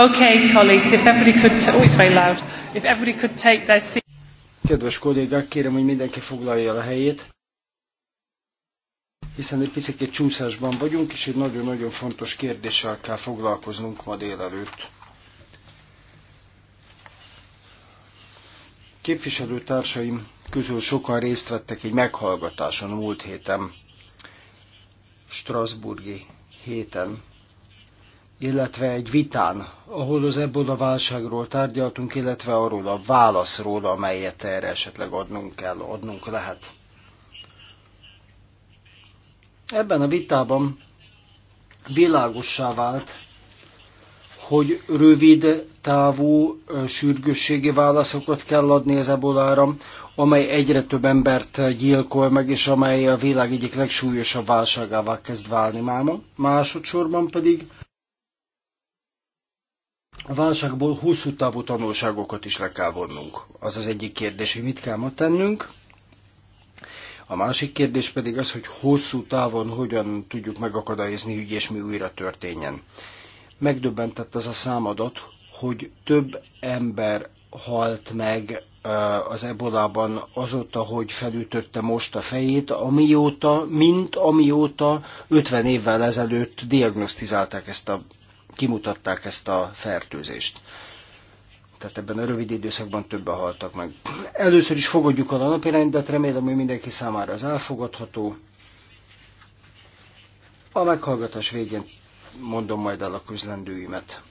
Okay, colleagues, if everybody could, oh, it's very loud. If everybody could take their seat. Kedves kollégák, kérem, hogy mindenki foglalja el a helyét, hiszen egy picit csúszásban vagyunk, és egy nagyon-nagyon fontos kérdéssel kell foglalkoznunk ma délelőtt. Képviselőtársaim közül sokan részt vettek egy meghallgatáson múlt héten, Strasburgi héten, illetve egy vitán, ahol az ebből a válságról tárgyaltunk, illetve arról a válaszról, amelyet erre esetleg adnunk kell, adnunk lehet. Ebben a vitában világossá vált, hogy rövid távú sürgősségi válaszokat kell adni az ebolára, amely egyre több embert gyilkol meg, és amely a világ egyik legsúlyosabb válságává kezd válni máma. Másodszorban pedig a válságból hosszú távú tanulságokat is le kell vonnunk. Az az egyik kérdés, hogy mit kell ma tennünk. A másik kérdés pedig az, hogy hosszú távon hogyan tudjuk megakadályozni, hogy ilyesmi újra történjen. Megdöbbentett az a számadat, hogy több ember halt meg az ebolában azóta, hogy felütötte most a fejét, amióta, mint amióta 50 évvel ezelőtt diagnosztizálták ezt a kimutatták ezt a fertőzést. Tehát ebben a rövid időszakban többen haltak meg. Először is fogadjuk a napirendet, remélem, hogy mindenki számára az elfogadható. A meghallgatás végén mondom majd el a közlendőimet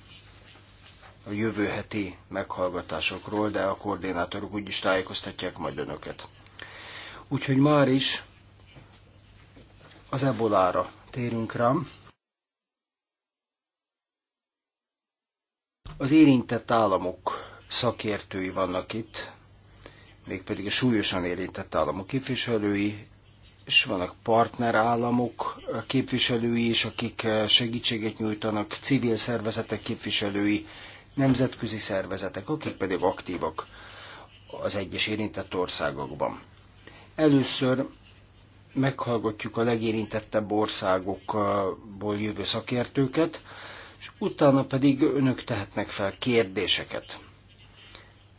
a jövő heti meghallgatásokról, de a koordinátorok úgyis tájékoztatják majd önöket. Úgyhogy már is az ebolára térünk rám. Az érintett államok szakértői vannak itt, mégpedig a súlyosan érintett államok képviselői, és vannak partnerállamok képviselői is, akik eh, segítséget nyújtanak, civil szervezetek képviselői, nemzetközi szervezetek, akik pedig aktívak az egyes érintett országokban. Először meghallgatjuk a legérintettebb országokból jövő szakértőket, és utána pedig önök tehetnek fel kérdéseket.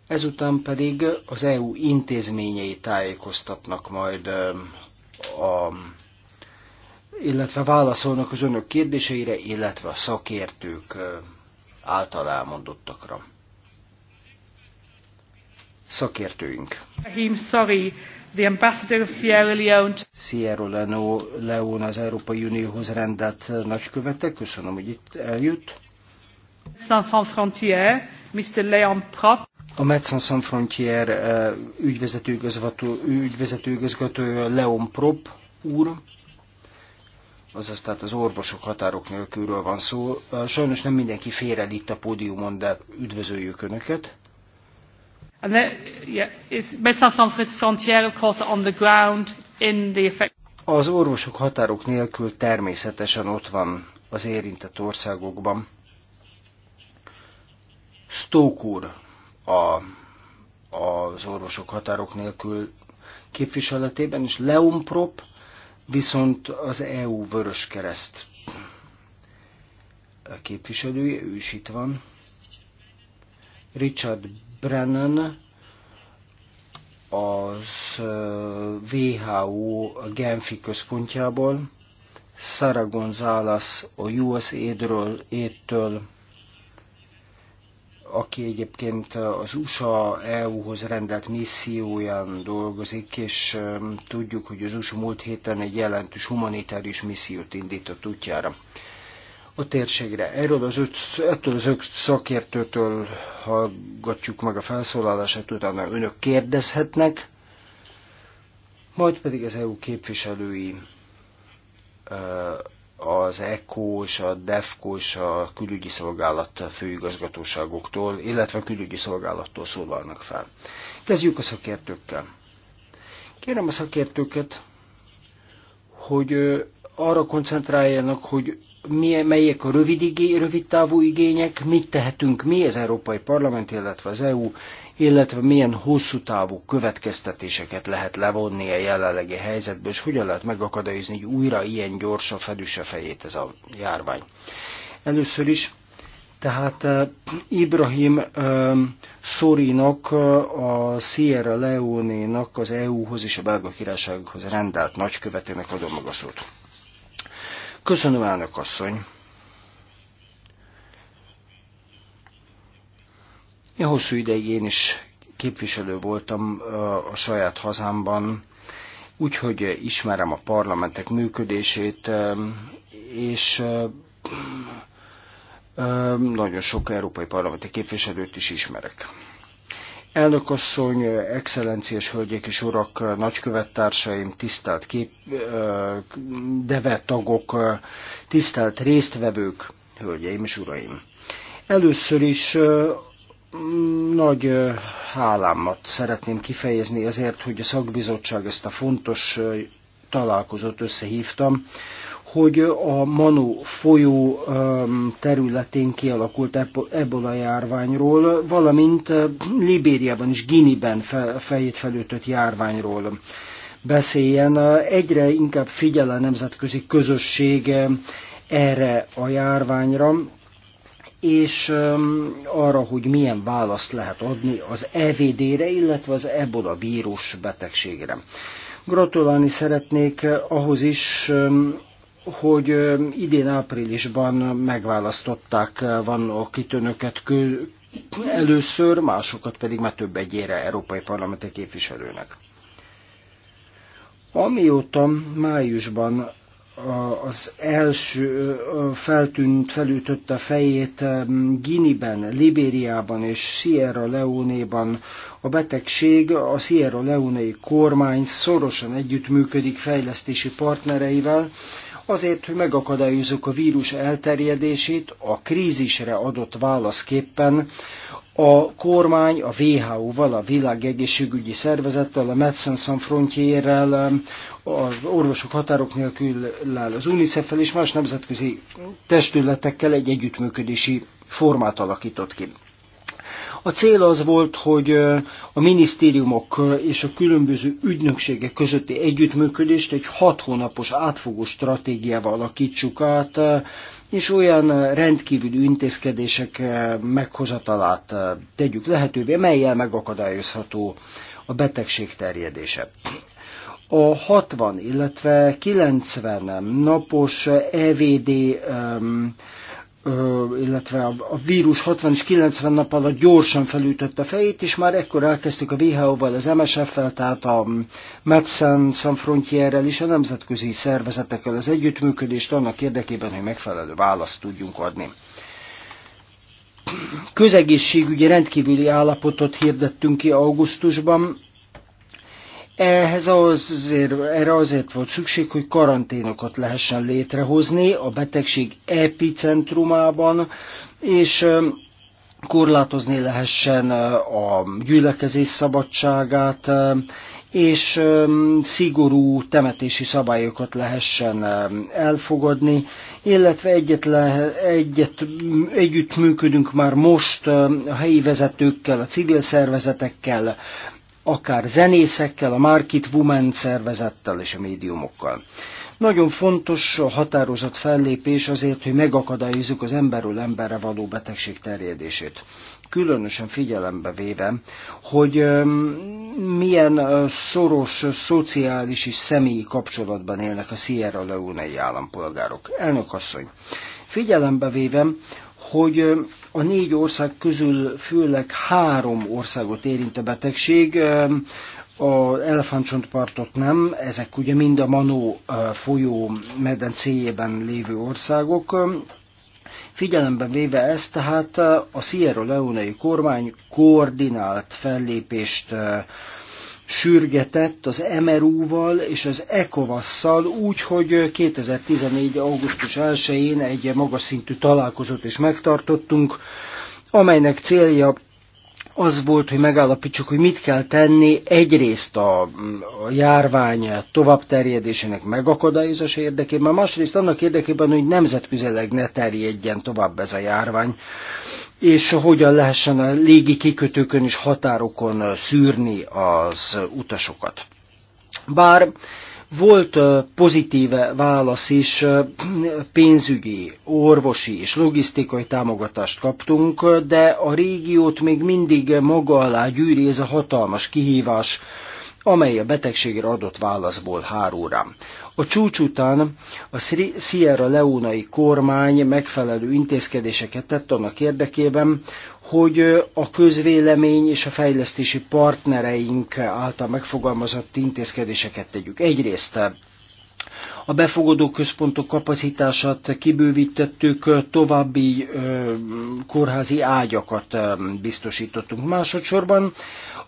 Ezután pedig az EU intézményei tájékoztatnak majd a illetve válaszolnak az önök kérdéseire, illetve a szakértők által elmondottakra. Szakértőink. Rahim Szari, The ambassador of Sierra Leone. Sierra Leone az Európai Unióhoz rendelt nagykövete. Köszönöm, hogy itt eljött. Sans Frontier, Mr. Leon Prat. A Médecins Sans Frontières eh, ügyvezető ügyvezetőigazgatója Leon Prop úr, azaz tehát az orvosok határok nélkülről van szó. Eh, sajnos nem mindenki fér el itt a pódiumon, de üdvözöljük Önöket. And that, yeah, it's Médecins Sans Frontières, of course, on the ground in the effect. Az orvosok határok nélkül természetesen ott van az érintett országokban. Stoke a, az orvosok határok nélkül képviseletében, és Leumprop viszont az EU Vörös Kereszt képviselője, ő is itt van. Richard Brennan, az WHO Genfi központjából, Sara González a aid ről éttől, aki egyébként az USA EU-hoz rendelt misszióján dolgozik, és tudjuk, hogy az USA múlt héten egy jelentős humanitárius missziót indított útjára a térségre. Erről az öt, ettől az öt szakértőtől hallgatjuk meg a felszólalását, utána önök kérdezhetnek, majd pedig az EU képviselői az ECO és a DEFCO és a külügyi szolgálat főigazgatóságoktól, illetve a külügyi szolgálattól szólalnak fel. Kezdjük a szakértőkkel. Kérem a szakértőket, hogy arra koncentráljanak, hogy mi, melyek a rövid, igé, rövid távú igények, mit tehetünk mi az Európai Parlament, illetve az EU, illetve milyen hosszú távú következtetéseket lehet levonni a jelenlegi helyzetből, és hogyan lehet megakadályozni, hogy újra ilyen gyorsan fedüse fejét ez a járvány. Először is tehát uh, Ibrahim uh, Szorinak, uh, a Sierra Leone-nak, az EU-hoz és a belga királysághoz rendelt nagykövetének adom meg a szót. Köszönöm, elnök asszony! Én hosszú ideig én is képviselő voltam a saját hazámban, úgyhogy ismerem a parlamentek működését, és nagyon sok európai parlamenti képviselőt is ismerek. Elnökasszony, excellenciás hölgyek és urak, nagykövettársaim, tisztelt kép, deve tagok, tisztelt résztvevők, hölgyeim és uraim. Először is nagy hálámat szeretném kifejezni azért, hogy a szakbizottság ezt a fontos találkozót összehívtam, hogy a Manu folyó területén kialakult ebből a járványról, valamint Libériában és Giniben fejét felütött járványról beszéljen. Egyre inkább figyel a nemzetközi közösség erre a járványra, és arra, hogy milyen választ lehet adni az EVD-re, illetve az ebola vírus betegségre. Gratulálni szeretnék ahhoz is, hogy idén áprilisban megválasztották van a kitönöket először, másokat pedig már több egyére európai parlamenti képviselőnek. Amióta májusban az első feltűnt, felütött a fejét Giniben, Libériában és Sierra Leone-ban. A betegség a Sierra Leone i kormány szorosan együttműködik fejlesztési partnereivel, azért, hogy megakadályozzuk a vírus elterjedését, a krízisre adott válaszképpen a kormány a WHO-val, a Világegészségügyi Szervezettel, a Medicine Sans Frontierrel, az Orvosok Határok nélküllel, az UNICEF-fel és más nemzetközi testületekkel egy együttműködési formát alakított ki. A cél az volt, hogy a minisztériumok és a különböző ügynökségek közötti együttműködést egy hat hónapos átfogó stratégiával alakítsuk át, és olyan rendkívüli intézkedések meghozatalát tegyük lehetővé, melyel megakadályozható a betegség terjedése. A 60, illetve 90 napos EVD um, illetve a vírus 60 és 90 nap alatt gyorsan felütötte fejét, és már ekkor elkezdtük a WHO-val, az MSF-fel, tehát a Medicine Sans Frontierrel és a nemzetközi szervezetekkel az együttműködést annak érdekében, hogy megfelelő választ tudjunk adni. Közegészségügyi rendkívüli állapotot hirdettünk ki augusztusban, ehhez azért, erre azért volt szükség, hogy karanténokat lehessen létrehozni a betegség epicentrumában, és korlátozni lehessen a gyülekezés szabadságát, és szigorú temetési szabályokat lehessen elfogadni, illetve le, egyet, együtt működünk már most a helyi vezetőkkel, a civil szervezetekkel, akár zenészekkel, a Market Women szervezettel és a médiumokkal. Nagyon fontos a határozott fellépés azért, hogy megakadályozzuk az emberről emberre való betegség terjedését. Különösen figyelembe véve, hogy milyen szoros szociális és személyi kapcsolatban élnek a Sierra Leone-i állampolgárok. Elnök asszony, figyelembe véve, hogy a négy ország közül főleg három országot érint a betegség, a elefántcsontpartot nem, ezek ugye mind a Manó eh, folyó medencéjében lévő országok. Figyelemben véve ezt, tehát eh, a Sierra Leonei kormány koordinált fellépést eh, sürgetett az MRU-val és az ECOVAS-szal úgy, hogy 2014. augusztus 1-én egy magas szintű találkozót is megtartottunk, amelynek célja az volt, hogy megállapítsuk, hogy mit kell tenni egyrészt a, a járvány tovább terjedésének megakadályozása érdekében, másrészt annak érdekében, hogy nemzetközileg ne terjedjen tovább ez a járvány, és hogyan lehessen a légi kikötőkön és határokon szűrni az utasokat. Bár volt pozitív válasz is, pénzügyi, orvosi és logisztikai támogatást kaptunk, de a régiót még mindig maga alá gyűri ez a hatalmas kihívás, amely a betegségre adott válaszból hárul rám. A csúcs után a Sierra Leonai kormány megfelelő intézkedéseket tett annak érdekében, hogy a közvélemény és a fejlesztési partnereink által megfogalmazott intézkedéseket tegyük. Egyrészt a befogadó központok kapacitását kibővítettük, további kórházi ágyakat biztosítottunk. Másodszorban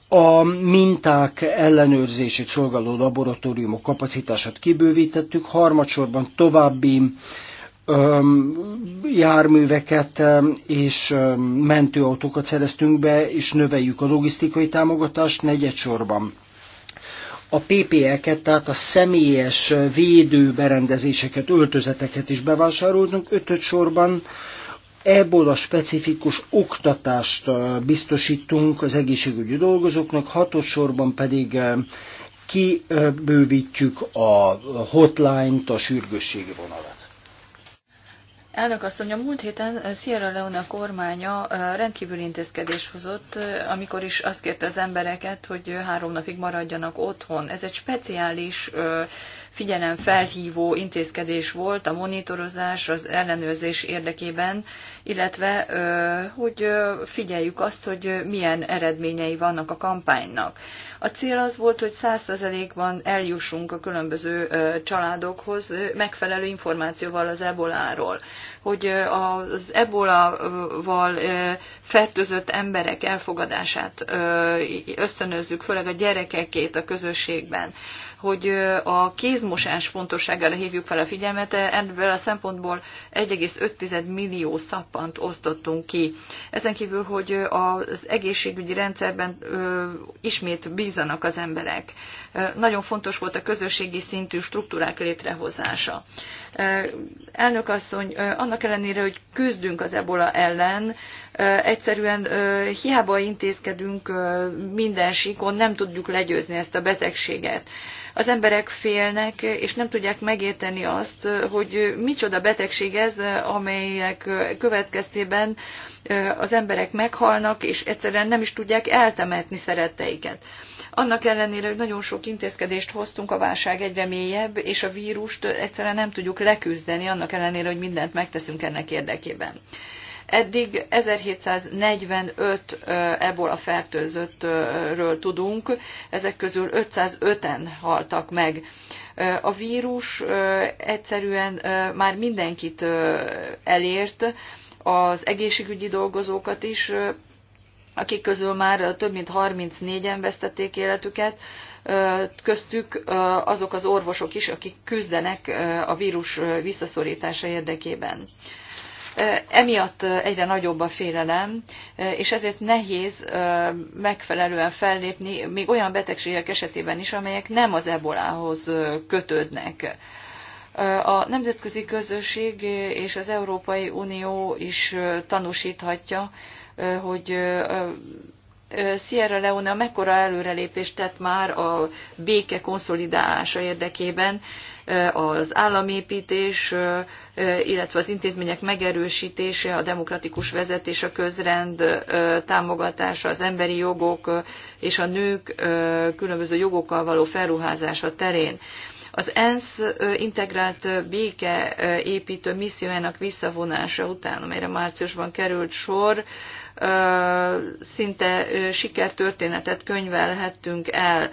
a minták ellenőrzését szolgáló laboratóriumok kapacitását kibővítettük, harmadsorban további járműveket és mentőautókat szereztünk be, és növeljük a logisztikai támogatást negyedsorban. A PPE-ket, tehát a személyes védőberendezéseket, öltözeteket is bevásároltunk, ötöt sorban ebből a specifikus oktatást biztosítunk az egészségügyi dolgozóknak, hatos sorban pedig kibővítjük a hotline-t, a sürgősségi vonalat. Elnök asszony, a múlt héten Sierra Leone kormánya rendkívül intézkedés hozott, amikor is azt kérte az embereket, hogy három napig maradjanak otthon. Ez egy speciális figyelem felhívó intézkedés volt a monitorozás, az ellenőrzés érdekében, illetve hogy figyeljük azt, hogy milyen eredményei vannak a kampánynak. A cél az volt, hogy 100%-ban eljussunk a különböző családokhoz megfelelő információval az eboláról, hogy az val fertőzött emberek elfogadását ösztönözzük, főleg a gyerekekét a közösségben hogy a kézmosás fontosságára hívjuk fel a figyelmet, ebből a szempontból 1,5 millió szappant osztottunk ki. Ezen kívül, hogy az egészségügyi rendszerben ismét bízanak az emberek. Nagyon fontos volt a közösségi szintű struktúrák létrehozása. Elnök asszony, annak ellenére, hogy küzdünk az ebola ellen, egyszerűen hiába intézkedünk minden síkon, nem tudjuk legyőzni ezt a betegséget. Az emberek félnek, és nem tudják megérteni azt, hogy micsoda betegség ez, amelyek következtében az emberek meghalnak, és egyszerűen nem is tudják eltemetni szeretteiket. Annak ellenére, hogy nagyon sok intézkedést hoztunk, a válság egyre mélyebb, és a vírust egyszerűen nem tudjuk leküzdeni, annak ellenére, hogy mindent megteszünk ennek érdekében. Eddig 1745 ebola fertőzöttről tudunk, ezek közül 505-en haltak meg. A vírus egyszerűen már mindenkit elért, az egészségügyi dolgozókat is, akik közül már több mint 34-en vesztették életüket, köztük azok az orvosok is, akik küzdenek a vírus visszaszorítása érdekében. Emiatt egyre nagyobb a félelem, és ezért nehéz megfelelően fellépni még olyan betegségek esetében is, amelyek nem az ebolához kötődnek. A nemzetközi közösség és az Európai Unió is tanúsíthatja, hogy Sierra Leone mekkora előrelépést tett már a béke konszolidálása érdekében, az államépítés, illetve az intézmények megerősítése, a demokratikus vezetés, a közrend támogatása, az emberi jogok és a nők különböző jogokkal való felruházása terén. Az ENSZ integrált békeépítő missziójának visszavonása után, amelyre márciusban került sor, szinte sikertörténetet könyvelhettünk el.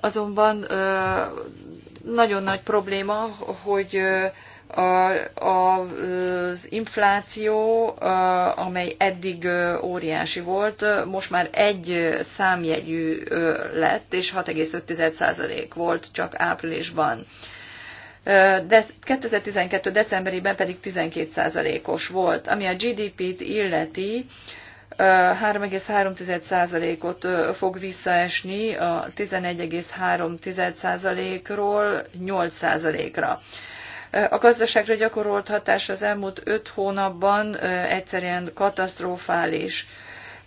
Azonban nagyon nagy probléma, hogy a, az infláció, amely eddig óriási volt, most már egy számjegyű lett, és 6,5% volt csak áprilisban de 2012. decemberében pedig 12%-os volt, ami a GDP-t illeti, 3,3%-ot fog visszaesni a 11,3%-ról 8%-ra. A gazdaságra gyakorolt hatás az elmúlt 5 hónapban egyszerűen katasztrofális.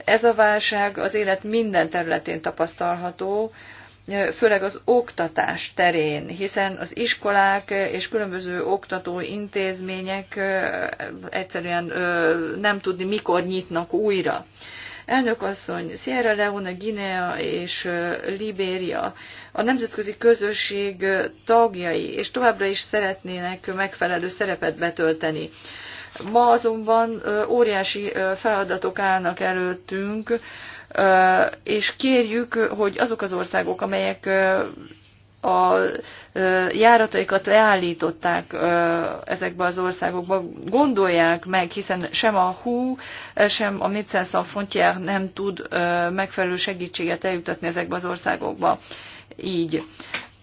Ez a válság az élet minden területén tapasztalható, főleg az oktatás terén, hiszen az iskolák és különböző oktató intézmények egyszerűen nem tudni, mikor nyitnak újra. Elnök asszony, Sierra Leone, Guinea és Libéria a nemzetközi közösség tagjai, és továbbra is szeretnének megfelelő szerepet betölteni. Ma azonban óriási feladatok állnak előttünk, és kérjük, hogy azok az országok, amelyek a járataikat leállították ezekbe az országokba, gondolják meg, hiszen sem a HU, sem a Médecins Sans Frontières nem tud megfelelő segítséget eljutatni ezekbe az országokba. Így.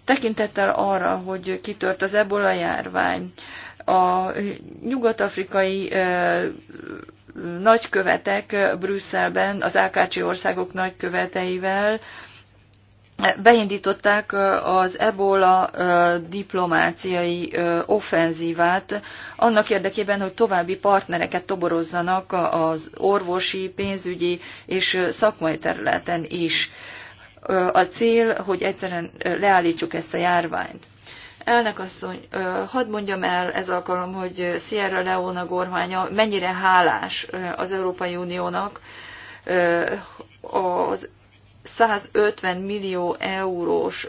Tekintettel arra, hogy kitört az ebola járvány, a nyugat-afrikai nagykövetek Brüsszelben, az Ákácsi országok nagyköveteivel beindították az ebola diplomáciai offenzívát annak érdekében, hogy további partnereket toborozzanak az orvosi, pénzügyi és szakmai területen is. A cél, hogy egyszerűen leállítsuk ezt a járványt. Elnök asszony, hadd mondjam el ez alkalom, hogy Sierra Leona kormánya mennyire hálás az Európai Uniónak az 150 millió eurós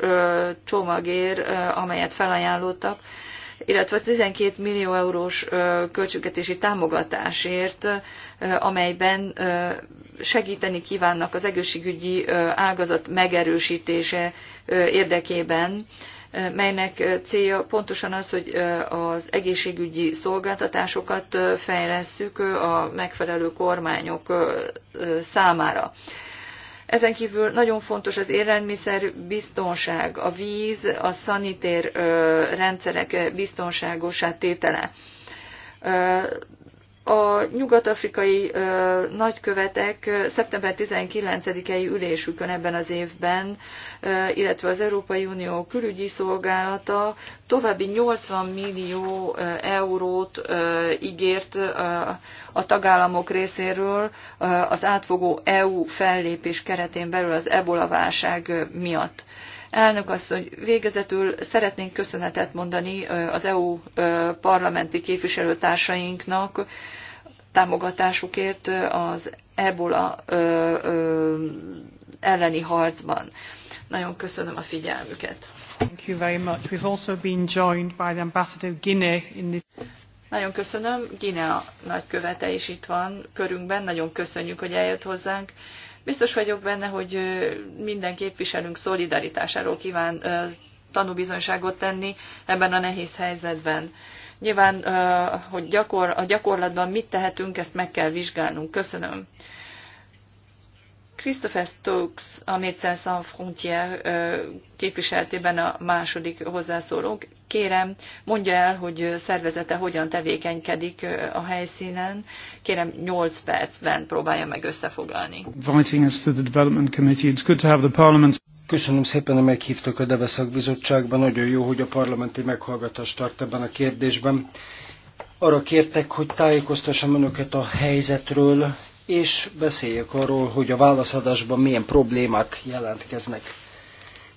csomagér, amelyet felajánlottak, illetve 12 millió eurós költségvetési támogatásért, amelyben segíteni kívánnak az egészségügyi ágazat megerősítése érdekében melynek célja pontosan az, hogy az egészségügyi szolgáltatásokat fejlesszük a megfelelő kormányok számára. Ezen kívül nagyon fontos az élelmiszer biztonság, a víz, a szanitér rendszerek biztonságosá tétele a nyugat-afrikai nagykövetek szeptember 19-i ülésükön ebben az évben, illetve az Európai Unió külügyi szolgálata további 80 millió eurót ö, ígért a tagállamok részéről az átfogó EU fellépés keretén belül az ebola válság miatt. Elnök asszony, végezetül szeretnénk köszönetet mondani az EU parlamenti képviselőtársainknak támogatásukért az ebola elleni harcban. Nagyon köszönöm a figyelmüket. Thank you very much. We've also been joined by the Ambassador Guinea in this... Nagyon köszönöm. Guinea nagykövete is itt van körünkben. Nagyon köszönjük, hogy eljött hozzánk. Biztos vagyok benne, hogy minden képviselünk szolidaritásáról kíván tanúbizonyságot tenni ebben a nehéz helyzetben. Nyilván, hogy gyakor, a gyakorlatban mit tehetünk, ezt meg kell vizsgálnunk. Köszönöm. Christopher Stokes, a Médecins Sans Frontières képviseltében a második hozzászólók. Kérem, mondja el, hogy szervezete hogyan tevékenykedik a helyszínen. Kérem, 8 percben próbálja meg összefoglalni. Köszönöm szépen, hogy meghívtak a Deveszak Bizottságban. Nagyon jó, hogy a parlamenti meghallgatást tart ebben a kérdésben. Arra kértek, hogy tájékoztassam önöket a helyzetről, és beszéljük arról, hogy a válaszadásban milyen problémák jelentkeznek.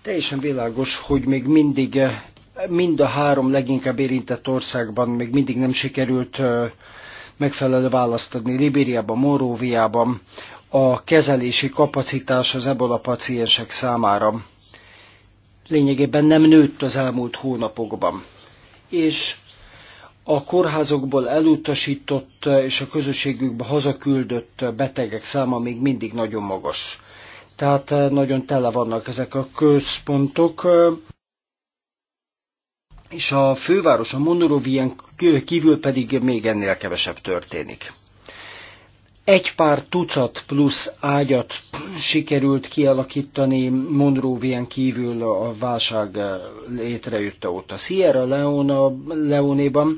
Teljesen világos, hogy még mindig eh, mind a három leginkább érintett országban még mindig nem sikerült eh, megfelelő választ adni. Libériában, Moróviában a kezelési kapacitás az ebola paciensek számára lényegében nem nőtt az elmúlt hónapokban. És a kórházokból elutasított és a közösségükbe hazaküldött betegek száma még mindig nagyon magas. Tehát eh, nagyon tele vannak ezek a központok. És a főváros, a Monorovien kívül pedig még ennél kevesebb történik egy pár tucat plusz ágyat sikerült kialakítani Monrovien kívül a válság létrejötte a Sierra Leona, Leonéban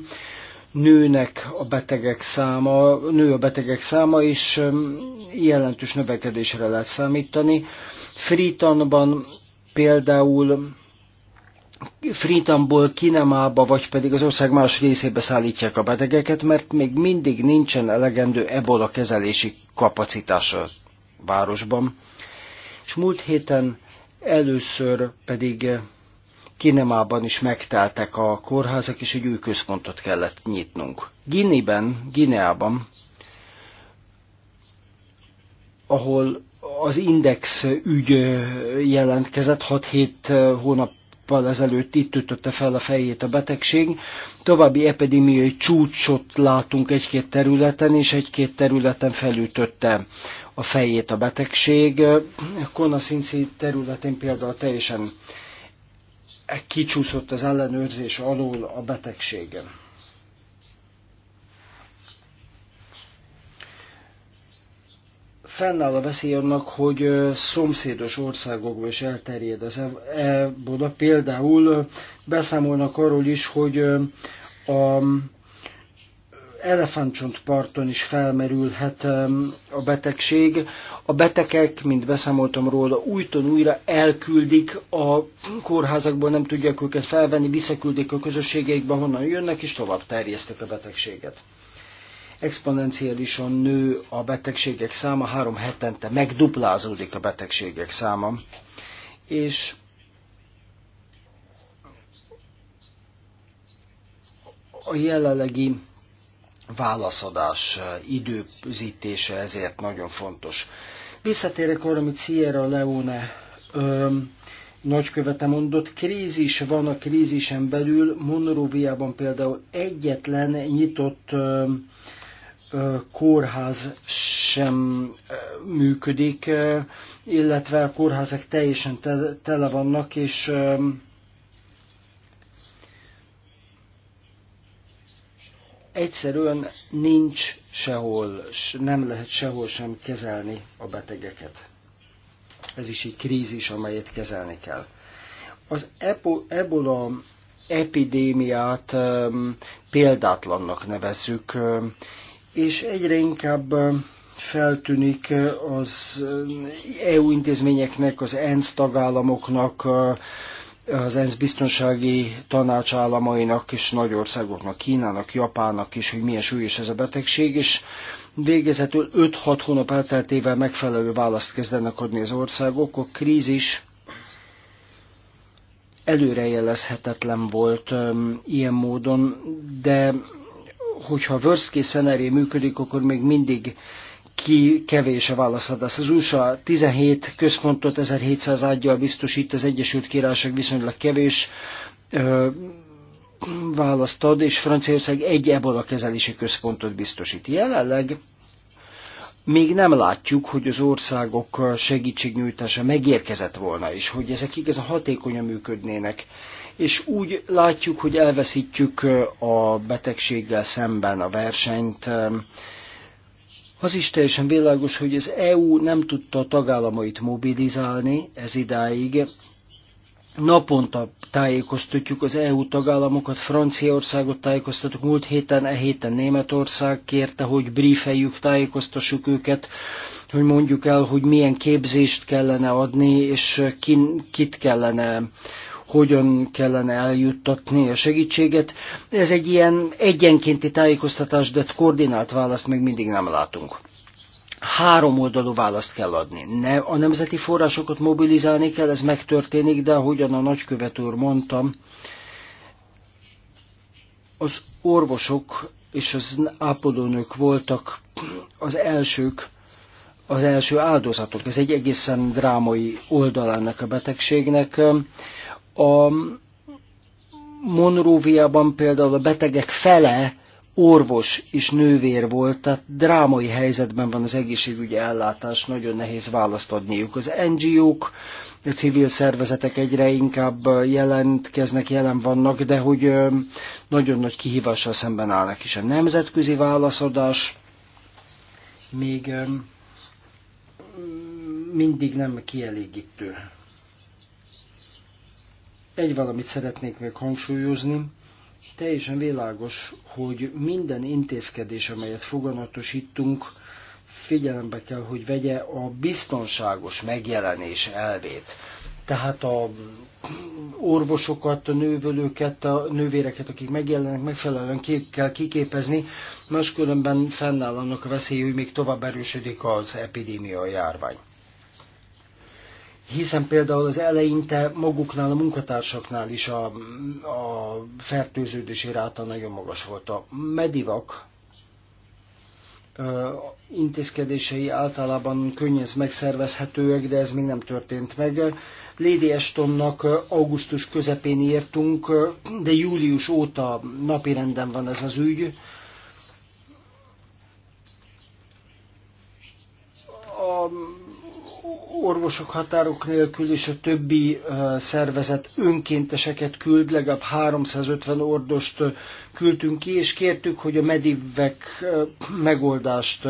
nőnek a betegek száma, nő a betegek száma, és um, jelentős növekedésre lehet számítani. Fritanban például Fritamból Kinemába, vagy pedig az ország más részébe szállítják a betegeket, mert még mindig nincsen elegendő ebola kezelési kapacitása a városban. És múlt héten először pedig Kinemában is megteltek a kórházak, és egy új központot kellett nyitnunk. Giniben, Gineában, ahol az Index ügy jelentkezett 6-7 hónap hónappal ezelőtt itt ütötte fel a fejét a betegség. További epidémiai csúcsot látunk egy-két területen, és egy-két területen felütötte a fejét a betegség. Konaszinszi területén például teljesen kicsúszott az ellenőrzés alól a betegségem fennáll a veszély annak, hogy szomszédos országokba is elterjed az e- ebola. Például beszámolnak arról is, hogy a elefántcsontparton is felmerülhet a betegség. A betegek, mint beszámoltam róla, újton újra elküldik a kórházakból, nem tudják őket felvenni, visszaküldik a közösségeikbe, honnan jönnek, és tovább terjesztik a betegséget exponenciálisan nő a betegségek száma, három hetente megduplázódik a betegségek száma, és a jelenlegi válaszadás eh, időzítése ezért nagyon fontos. Visszatérek arra, amit Sierra Leone öm, nagykövete mondott, krízis van a krízisen belül, Monroviában például egyetlen nyitott öm, kórház sem működik, illetve a kórházak teljesen tele vannak, és egyszerűen nincs sehol, nem lehet sehol sem kezelni a betegeket. Ez is egy krízis, amelyet kezelni kell. Az ebola epidémiát példátlannak nevezzük, és egyre inkább feltűnik az EU intézményeknek, az ENSZ tagállamoknak, az ENSZ biztonsági tanácsállamainak és nagy országoknak, Kínának, Japánnak is, hogy milyen súlyos ez a betegség, és végezetül 5-6 hónap elteltével megfelelő választ kezdenek adni az országok. A krízis előrejelezhetetlen volt ilyen módon, de hogyha worst case scenario működik, akkor még mindig ki kevés a válaszadás. Az USA 17 központot 1700 ágyjal biztosít, az Egyesült Királyság viszonylag kevés ö, választ ad, és Franciaország egy ebola kezelési központot biztosít. Jelenleg még nem látjuk, hogy az országok segítségnyújtása megérkezett volna, és hogy ezek igazán hatékonyan működnének és úgy látjuk, hogy elveszítjük a betegséggel szemben a versenyt. Az is teljesen világos, hogy az EU nem tudta a tagállamait mobilizálni ez idáig. Naponta tájékoztatjuk az EU tagállamokat, Franciaországot tájékoztatjuk, múlt héten, e héten Németország kérte, hogy briefeljük, tájékoztassuk őket, hogy mondjuk el, hogy milyen képzést kellene adni, és kin, kit kellene hogyan kellene eljuttatni a segítséget. Ez egy ilyen egyenkénti tájékoztatás, de koordinált választ még mindig nem látunk. Három oldalú választ kell adni. Ne, a nemzeti forrásokat mobilizálni kell, ez megtörténik, de ahogyan a nagykövet úr mondtam, az orvosok és az ápolónők voltak az elsők, az első áldozatok. Ez egy egészen drámai oldalának a betegségnek. A Monróviában például a betegek fele orvos és nővér volt, tehát drámai helyzetben van az egészségügyi ellátás, nagyon nehéz választ adniuk. Az NGO-k, a civil szervezetek egyre inkább jelentkeznek, jelen vannak, de hogy nagyon nagy kihívással szemben állnak is. A nemzetközi válaszadás még mindig nem kielégítő. Egy valamit szeretnék még hangsúlyozni. Teljesen világos, hogy minden intézkedés, amelyet foganatosítunk, figyelembe kell, hogy vegye a biztonságos megjelenés elvét. Tehát a orvosokat, a nővölőket, a nővéreket, akik megjelennek, megfelelően ki kell kiképezni, máskülönben fennáll annak a veszély, hogy még tovább erősödik az epidémia járvány hiszen például az eleinte maguknál, a munkatársaknál is a, a fertőződési ráta nagyon magas volt. A medivak intézkedései általában könnyen megszervezhetőek, de ez még nem történt meg. Lady Estonnak augusztus közepén írtunk, de július óta napirenden van ez az ügy. A orvosok határok nélkül és a többi szervezet önkénteseket küld, legalább 350 ordost küldtünk ki, és kértük, hogy a medivek megoldást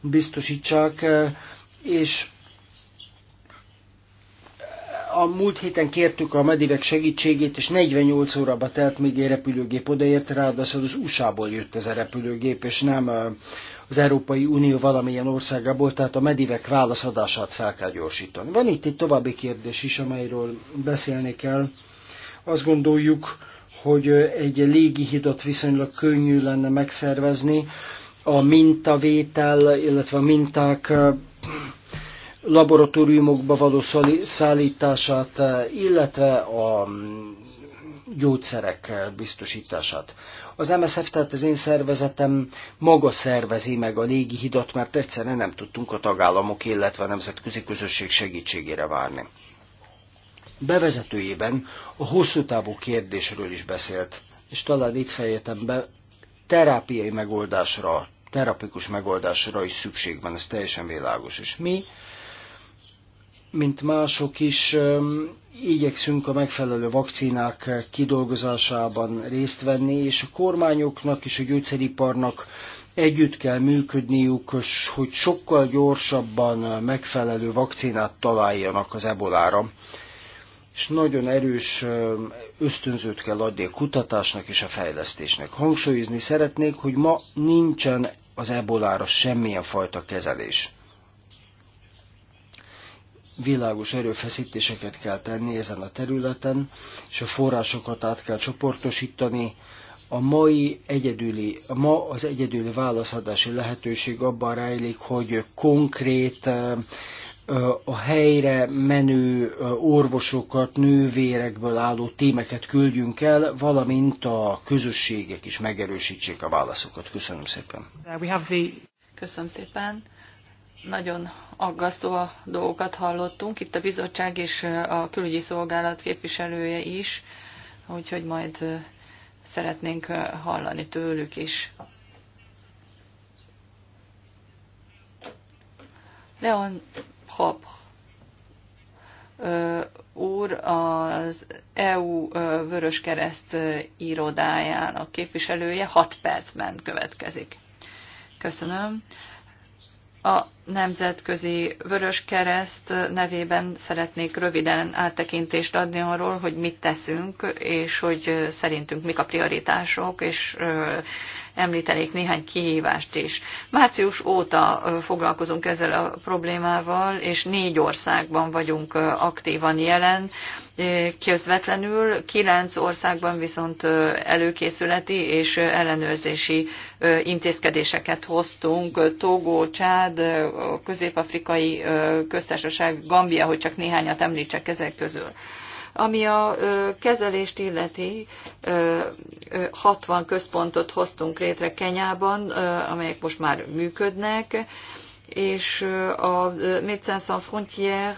biztosítsák, és a múlt héten kértük a medivek segítségét, és 48 órába telt, még egy repülőgép odaért, ráadásul az USA-ból jött ez a repülőgép, és nem az Európai Unió valamilyen országából, tehát a medivek válaszadását fel kell gyorsítani. Van itt egy további kérdés is, amelyről beszélni kell. Azt gondoljuk, hogy egy légi hidat viszonylag könnyű lenne megszervezni, a mintavétel, illetve a minták laboratóriumokba való szállítását, eh, illetve a gyógyszerek biztosítását. Az MSF, tehát az én szervezetem maga szervezi meg a légi hidat, mert egyszerűen nem tudtunk a tagállamok, illetve a nemzetközi közösség segítségére várni. Bevezetőjében a hosszú távú kérdésről is beszélt, és talán itt fejétem be, terápiai megoldásra, terapikus megoldásra is szükség van, ez teljesen világos. És mi mint mások is igyekszünk a megfelelő vakcinák kidolgozásában részt venni, és a kormányoknak és a gyógyszeriparnak együtt kell működniük, hogy sokkal gyorsabban megfelelő vakcinát találjanak az ebolára. És nagyon erős ösztönzőt kell adni a kutatásnak és a fejlesztésnek. Hangsúlyozni szeretnék, hogy ma nincsen az ebolára semmilyen fajta kezelés világos erőfeszítéseket kell tenni ezen a területen, és a forrásokat át kell csoportosítani. A mai egyedüli, ma az egyedüli válaszadási lehetőség abban rejlik, hogy konkrét a helyre menő orvosokat, nővérekből álló témeket küldjünk el, valamint a közösségek is megerősítsék a válaszokat. Köszönöm szépen. Köszönöm szépen. Nagyon aggasztó a dolgokat hallottunk, itt a bizottság és a külügyi szolgálat képviselője is, úgyhogy majd szeretnénk hallani tőlük is. Leon Hop úr az EU Vörös Kereszt irodájának képviselője 6 percben következik. Köszönöm. A Nemzetközi Vörös Kereszt nevében szeretnék röviden áttekintést adni arról, hogy mit teszünk, és hogy szerintünk mik a prioritások, és említenék néhány kihívást is. Március óta foglalkozunk ezzel a problémával, és négy országban vagyunk aktívan jelen, közvetlenül, kilenc országban viszont előkészületi és ellenőrzési intézkedéseket hoztunk. Togó, Csád, Közép-Afrikai Köztársaság, Gambia, hogy csak néhányat említsek ezek közül. Ami a kezelést illeti, 60 központot hoztunk létre Kenyában, amelyek most már működnek, és a Médecins Sans Frontières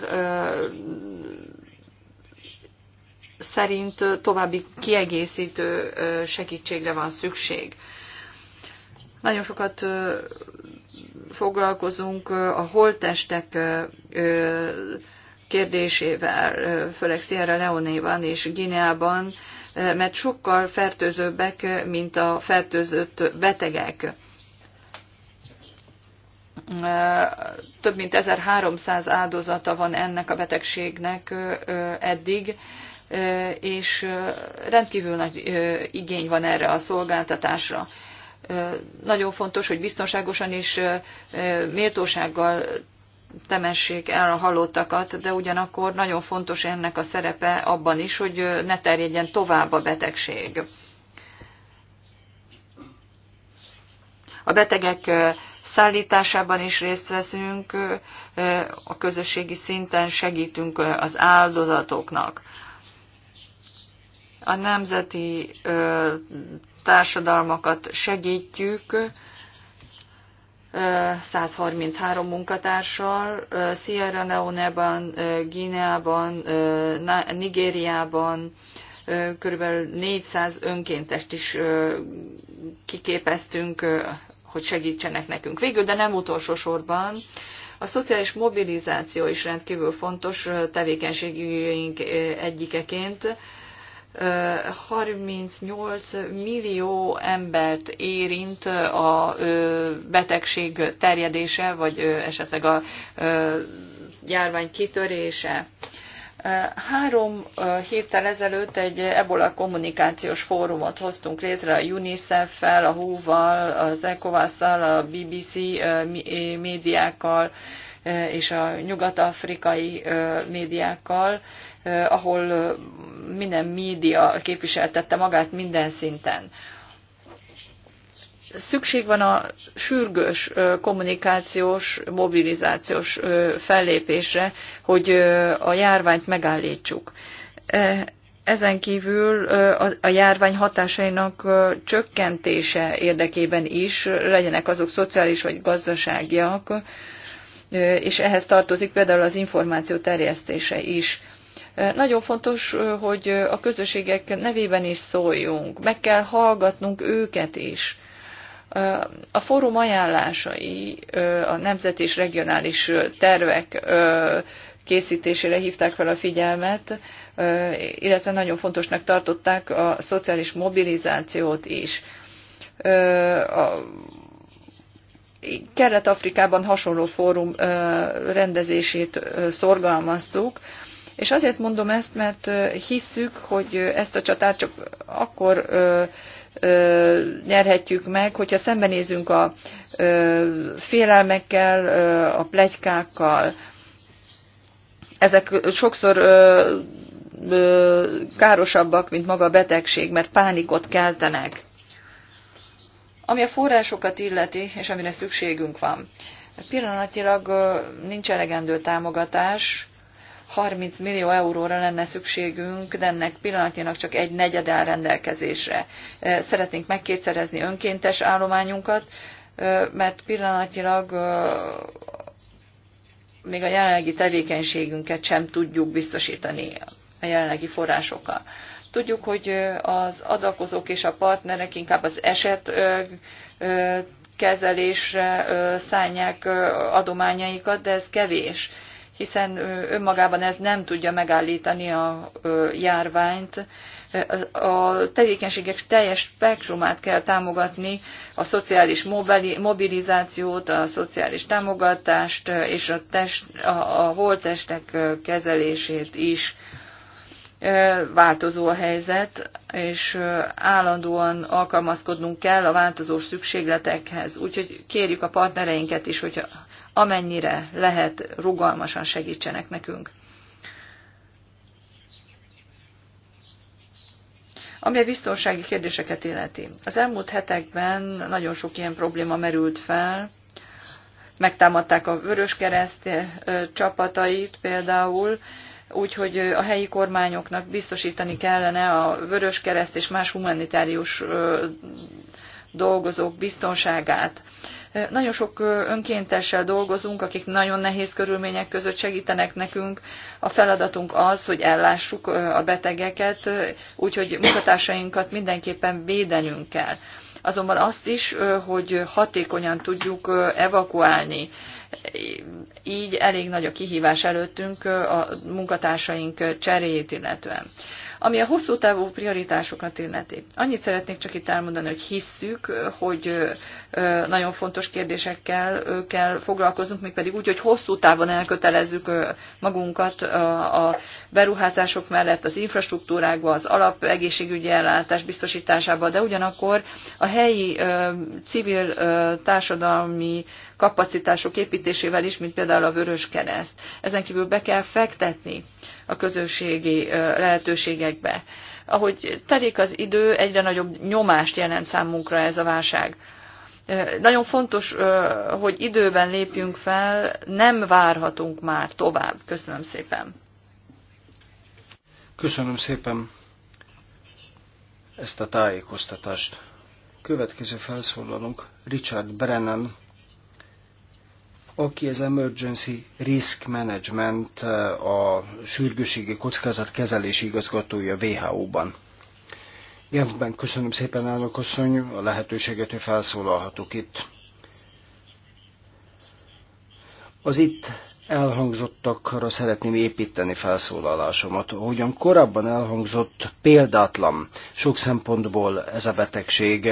szerint további kiegészítő segítségre van szükség. Nagyon sokat foglalkozunk a holttestek kérdésével, főleg Sierra Leone-ban és Gineában, mert sokkal fertőzőbbek, mint a fertőzött betegek. Több mint 1300 áldozata van ennek a betegségnek eddig, és rendkívül nagy igény van erre a szolgáltatásra. Nagyon fontos, hogy biztonságosan és méltósággal temessék el a halottakat, de ugyanakkor nagyon fontos ennek a szerepe abban is, hogy ne terjedjen tovább a betegség. A betegek szállításában is részt veszünk, a közösségi szinten segítünk az áldozatoknak. A nemzeti társadalmakat segítjük, 133 munkatársal Sierra Leone-ban, Gineában, Nigériában, körülbelül 400 önkéntest is kiképeztünk, hogy segítsenek nekünk. Végül, de nem utolsó sorban, a szociális mobilizáció is rendkívül fontos tevékenységünk egyikeként. 38 millió embert érint a betegség terjedése, vagy esetleg a járvány kitörése. Három héttel ezelőtt egy ebola kommunikációs fórumot hoztunk létre a UNICEF-fel, a hu val az ecovas a BBC médiákkal és a nyugat-afrikai médiákkal, Eh, ahol eh, minden média képviseltette magát minden szinten. Szükség van a sürgős eh, kommunikációs, mobilizációs fellépésre, hogy a járványt megállítsuk. Ezen kívül a járvány hatásainak csökkentése érdekében is legyenek azok szociális vagy gazdaságiak, és ehhez tartozik például az információ terjesztése is. Nagyon fontos, hogy a közösségek nevében is szóljunk, meg kell hallgatnunk őket is. A fórum ajánlásai a nemzeti és regionális tervek készítésére hívták fel a figyelmet, illetve nagyon fontosnak tartották a szociális mobilizációt is. Kelet-Afrikában hasonló fórum rendezését szorgalmaztuk, és azért mondom ezt, mert hisszük, hogy ezt a csatát csak akkor nyerhetjük meg, hogyha szembenézünk a félelmekkel, a plegykákkal. Ezek sokszor károsabbak, mint maga a betegség, mert pánikot keltenek. Ami a forrásokat illeti, és amire szükségünk van. Pillanatilag nincs elegendő támogatás, 30 millió euróra lenne szükségünk, de ennek pillanatnyilag csak egy negyed áll rendelkezésre. Szeretnénk megkétszerezni önkéntes állományunkat, mert pillanatnyilag még a jelenlegi tevékenységünket sem tudjuk biztosítani a jelenlegi forrásokkal. Tudjuk, hogy az adakozók és a partnerek inkább az eset kezelésre szállják adományaikat, de ez kevés hiszen önmagában ez nem tudja megállítani a járványt. A tevékenységek teljes spektrumát kell támogatni, a szociális mobilizációt, a szociális támogatást és a, test, a holtestek kezelését is. Változó a helyzet, és állandóan alkalmazkodnunk kell a változó szükségletekhez. Úgyhogy kérjük a partnereinket is, hogyha amennyire lehet rugalmasan segítsenek nekünk. Ami a biztonsági kérdéseket illeti. Az elmúlt hetekben nagyon sok ilyen probléma merült fel. Megtámadták a Vöröskereszt csapatait például, úgyhogy a helyi kormányoknak biztosítani kellene a Vöröskereszt és más humanitárius dolgozók biztonságát. Nagyon sok önkéntessel dolgozunk, akik nagyon nehéz körülmények között segítenek nekünk. A feladatunk az, hogy ellássuk a betegeket, úgyhogy munkatársainkat mindenképpen védenünk kell. Azonban azt is, hogy hatékonyan tudjuk evakuálni. Így elég nagy a kihívás előttünk a munkatársaink cseréjét illetően. Ami a hosszú távú prioritásokat illeti. Annyit szeretnék csak itt elmondani, hogy hisszük, hogy nagyon fontos kérdésekkel kell foglalkoznunk, még pedig úgy, hogy hosszú távon elkötelezzük magunkat a beruházások mellett az infrastruktúrákba, az alap egészségügyi ellátás biztosításába, de ugyanakkor a helyi civil társadalmi kapacitások építésével is, mint például a Vörös Kereszt. Ezen kívül be kell fektetni a közösségi lehetőségekbe. Ahogy telik az idő, egyre nagyobb nyomást jelent számunkra ez a válság. Nagyon fontos, hogy időben lépjünk fel, nem várhatunk már tovább. Köszönöm szépen. Köszönöm szépen ezt a tájékoztatást. Következő felszólalunk Richard Brennan, aki az Emergency Risk Management, eh, a sürgőségi kockázat kezelési igazgatója WHO-ban. Jentben köszönöm szépen, elnök asszony, a lehetőséget, hogy felszólalhatok itt. Az itt elhangzottakra szeretném építeni felszólalásomat. Hogyan korábban elhangzott példátlan sok szempontból ez a betegség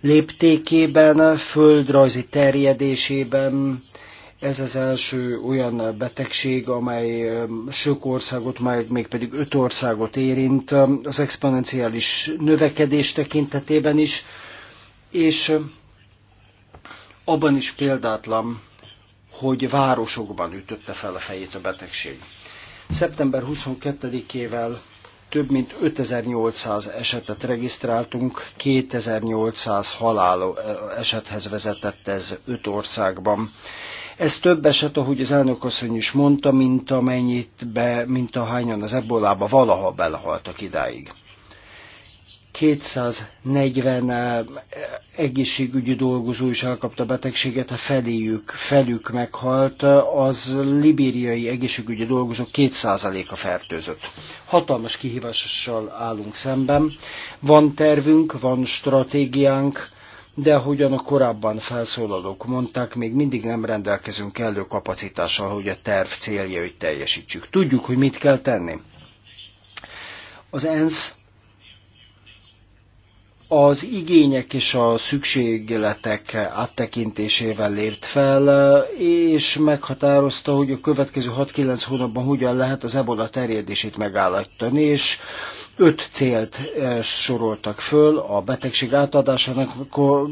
léptékében, földrajzi terjedésében, ez az első olyan betegség, amely sok országot, majd pedig öt országot érint az exponenciális növekedés tekintetében is, és abban is példátlan, hogy városokban ütötte fel a fejét a betegség. Szeptember 22-ével több mint 5800 esetet regisztráltunk, 2800 halál esethez vezetett ez öt országban. Ez több eset, ahogy az elnök asszony is mondta, mint amennyit be, mint a hányan az ebolába valaha belehaltak idáig. 240 eh, egészségügyi dolgozó is elkapta betegséget, a feléjük, felük meghalt, az libériai egészségügyi dolgozók 2%-a fertőzött. Hatalmas kihívással állunk szemben. Van tervünk, van stratégiánk, de ahogyan a korábban felszólalók mondták, még mindig nem rendelkezünk kellő kapacitással, hogy a terv céljait teljesítsük. Tudjuk, hogy mit kell tenni. Az ENSZ az igények és a szükségletek áttekintésével lért fel, és meghatározta, hogy a következő 6-9 hónapban hogyan lehet az ebola terjedését megállítani, és Öt célt eh, soroltak föl, a betegség átadásának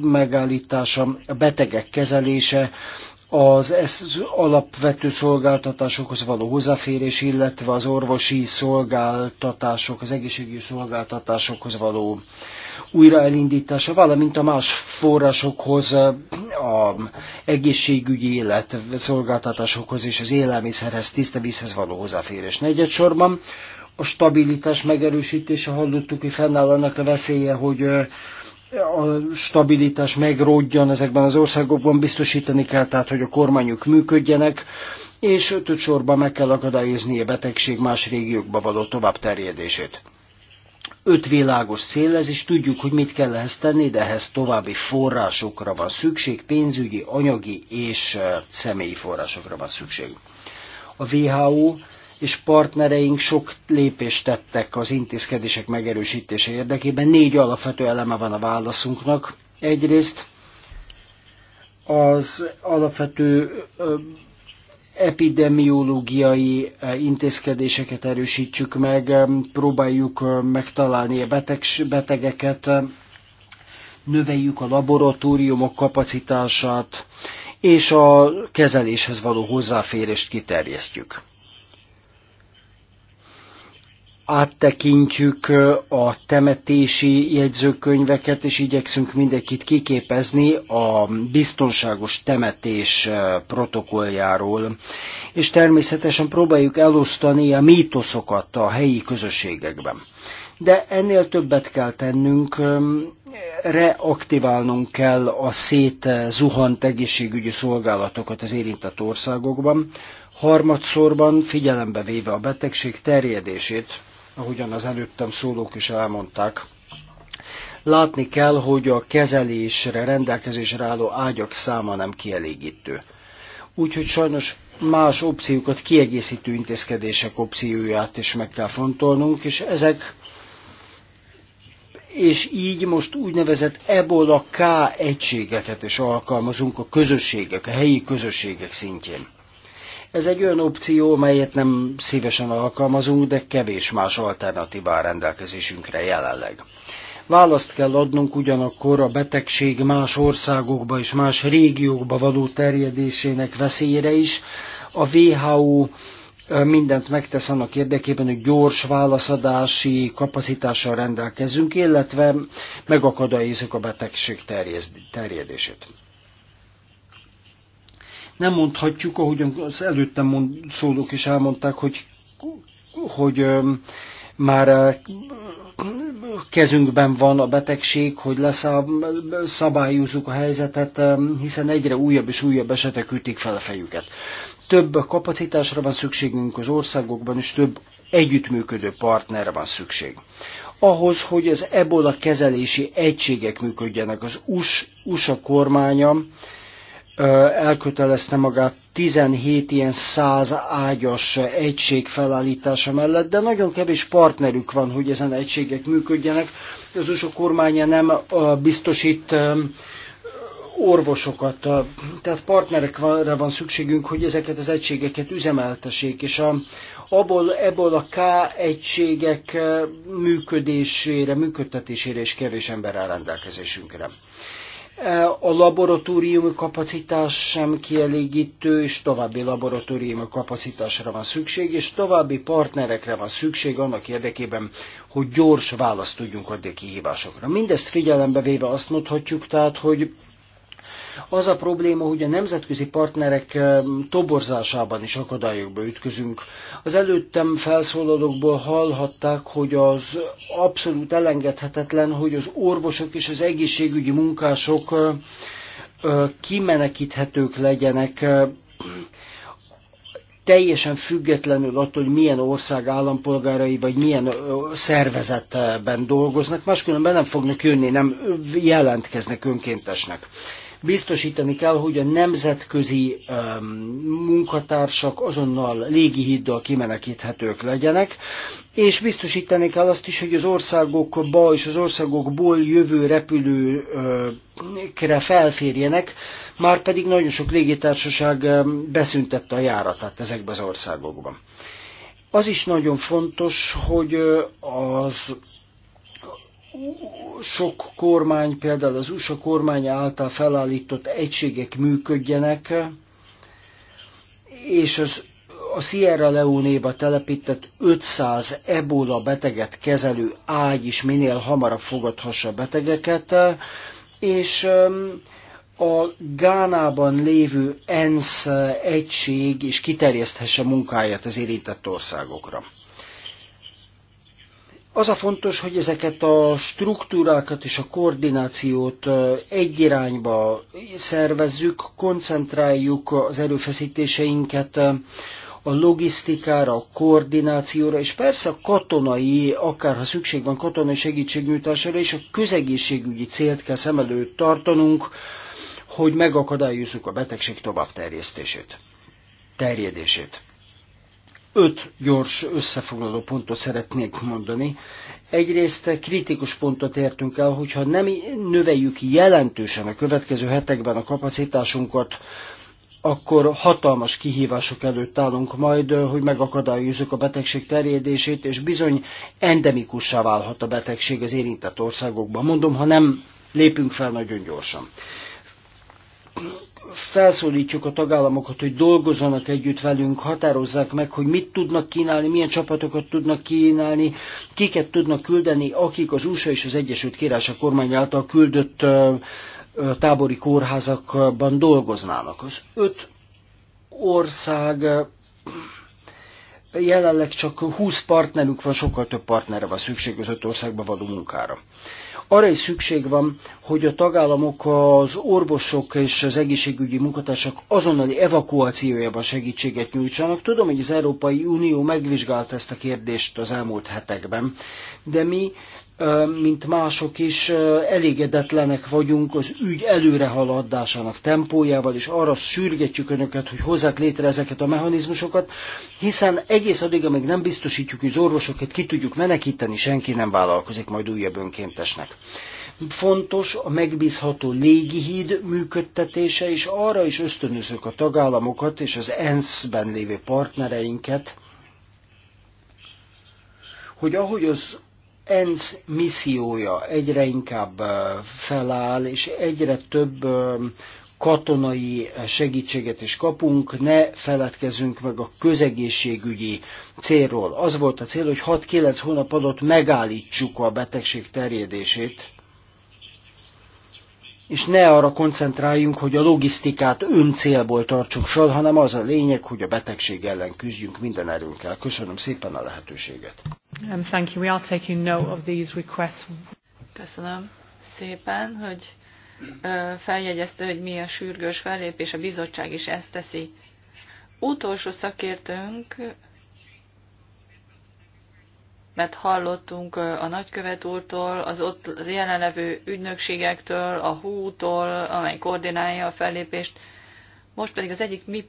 megállítása, a betegek kezelése, az alapvető szolgáltatásokhoz való hozzáférés, illetve az orvosi szolgáltatások, az egészségügyi szolgáltatásokhoz való újraelindítása, valamint a más forrásokhoz, a egészségügyi élet szolgáltatásokhoz és az élelmiszerhez, tiszta vízhez való hozzáférés. Negyedsorban a stabilitás megerősítése, hallottuk, hogy fennáll annak a veszélye, hogy a stabilitás megródjon ezekben az országokban, biztosítani kell tehát, hogy a kormányok működjenek, és ötöt sorban meg kell akadályozni a betegség más régiókba való tovább terjedését. Öt világos cél ez, és tudjuk, hogy mit kell ehhez tenni, de ehhez további forrásokra van szükség, pénzügyi, anyagi és személyi forrásokra van szükség. A WHO és partnereink sok lépést tettek az intézkedések megerősítése érdekében. Négy alapvető eleme van a válaszunknak. Egyrészt az alapvető epidemiológiai intézkedéseket erősítjük meg, próbáljuk megtalálni a beteg, betegeket, növeljük a laboratóriumok kapacitását, és a kezeléshez való hozzáférést kiterjesztjük áttekintjük a temetési jegyzőkönyveket, és igyekszünk mindenkit kiképezni a biztonságos temetés protokolljáról. És természetesen próbáljuk elosztani a mítoszokat a helyi közösségekben. De ennél többet kell tennünk, reaktiválnunk kell a szét zuhant egészségügyi szolgálatokat az érintett országokban, harmadszorban figyelembe véve a betegség terjedését, ahogyan az előttem szólók is elmondták. Látni kell, hogy a kezelésre, rendelkezésre álló ágyak száma nem kielégítő. Úgyhogy sajnos más opciókat, kiegészítő intézkedések opcióját is meg kell fontolnunk, és ezek és így most úgynevezett Ebola K egységeket is alkalmazunk a közösségek, a helyi közösségek szintjén. Ez egy olyan opció, melyet nem szívesen alkalmazunk, de kevés más alternatívá rendelkezésünkre jelenleg. Választ kell adnunk ugyanakkor a betegség más országokba és más régiókba való terjedésének veszélyére is. A WHO mindent megtesz annak érdekében, hogy gyors válaszadási kapacitással rendelkezünk, illetve megakadályozunk a betegség terjedését. Nem mondhatjuk, ahogyan az előttem mond, szólók is elmondták, hogy, hogy már kezünkben van a betegség, hogy leszabályozzuk a helyzetet, hiszen egyre újabb és újabb esetek ütik fel a fejüket. Több kapacitásra van szükségünk az országokban, és több együttműködő partnerre van szükség. Ahhoz, hogy az ebola kezelési egységek működjenek, az USA kormánya elkötelezte magát 17 ilyen száz ágyas egység felállítása mellett, de nagyon kevés partnerük van, hogy ezen egységek működjenek. Az USA kormánya nem biztosít orvosokat, tehát partnerekre van szükségünk, hogy ezeket az egységeket üzemeltessék, és a, abból, ebből a K egységek működésére, működtetésére is kevés ember áll rendelkezésünkre a laboratóriumi kapacitás sem kielégítő, és további laboratóriumi kapacitásra van szükség, és további partnerekre van szükség annak érdekében, hogy gyors választ tudjunk adni a kihívásokra. Mindezt figyelembe véve azt mondhatjuk tehát, hogy az a probléma, hogy a nemzetközi partnerek toborzásában is akadályokba ütközünk. Az előttem felszólalókból hallhatták, hogy az abszolút elengedhetetlen, hogy az orvosok és az egészségügyi munkások kimenekíthetők legyenek teljesen függetlenül attól, hogy milyen ország állampolgárai vagy milyen szervezetben dolgoznak, máskülönben nem fognak jönni, nem jelentkeznek önkéntesnek. Biztosítani kell, hogy a nemzetközi munkatársak azonnal légihiddal kimenekíthetők legyenek, és biztosítani kell azt is, hogy az országokba és az országokból jövő repülőkre felférjenek, már pedig nagyon sok légitársaság beszüntette a járatát ezekben az országokban. Az is nagyon fontos, hogy az sok kormány, például az USA kormánya által felállított egységek működjenek, és az a Sierra Leone-ba telepített 500 ebola beteget kezelő ágy is minél hamarabb fogadhassa betegeket, és a Gánában lévő ENSZ egység is kiterjeszthesse munkáját az érintett országokra. Az a fontos, hogy ezeket a struktúrákat és a koordinációt egy irányba szervezzük, koncentráljuk az erőfeszítéseinket a logisztikára, a koordinációra, és persze a katonai, akárha szükség van katonai segítségnyújtására, és a közegészségügyi célt kell szem előtt tartanunk, hogy megakadályozzuk a betegség tovább terjedését öt gyors összefoglaló pontot szeretnék mondani. Egyrészt kritikus pontot értünk el, hogyha nem növeljük jelentősen a következő hetekben a kapacitásunkat, akkor hatalmas kihívások előtt állunk majd, hogy megakadályozzuk a betegség terjedését, és bizony endemikussá válhat a betegség az érintett országokban. Mondom, ha nem lépünk fel nagyon gyorsan felszólítjuk a tagállamokat, hogy dolgozzanak együtt velünk, határozzák meg, hogy mit tudnak kínálni, milyen csapatokat tudnak kínálni, kiket tudnak küldeni, akik az USA és az Egyesült Királyság kormány által küldött tábori kórházakban dolgoznának. Az öt ország jelenleg csak 20 partnerük van, sokkal több partnerre van szükség az öt országban való munkára. Arra is szükség van, hogy a tagállamok az orvosok és az egészségügyi munkatársak azonnali evakuációjában segítséget nyújtsanak. Tudom, hogy az Európai Unió megvizsgálta ezt a kérdést az elmúlt hetekben, de mi mint mások is elégedetlenek vagyunk az ügy előrehaladásának tempójával, és arra sürgetjük önöket, hogy hozzák létre ezeket a mechanizmusokat, hiszen egész addig, amíg nem biztosítjuk, hogy az orvosokat ki tudjuk menekíteni, senki nem vállalkozik majd újabb önkéntesnek. Fontos a megbízható légihíd működtetése, és arra is ösztönözök a tagállamokat és az ENSZ-ben lévő partnereinket, hogy ahogy az ENSZ missziója egyre inkább feláll, és egyre több katonai segítséget is kapunk, ne feledkezzünk meg a közegészségügyi célról. Az volt a cél, hogy 6-9 hónap alatt megállítsuk a betegség terjedését, és ne arra koncentráljunk, hogy a logisztikát öncélból tartsuk fel, hanem az a lényeg, hogy a betegség ellen küzdjünk minden erőnkkel. Köszönöm szépen a lehetőséget. Um, thank you. We are taking note of these requests. Köszönöm szépen, hogy feljegyezte, hogy mi a sürgős fellépés, a bizottság is ezt teszi. Utolsó szakértőnk mert hallottunk a nagykövet úrtól, az ott jelenlevő ügynökségektől, a hútól, amely koordinálja a fellépést. Most pedig az egyik, mi,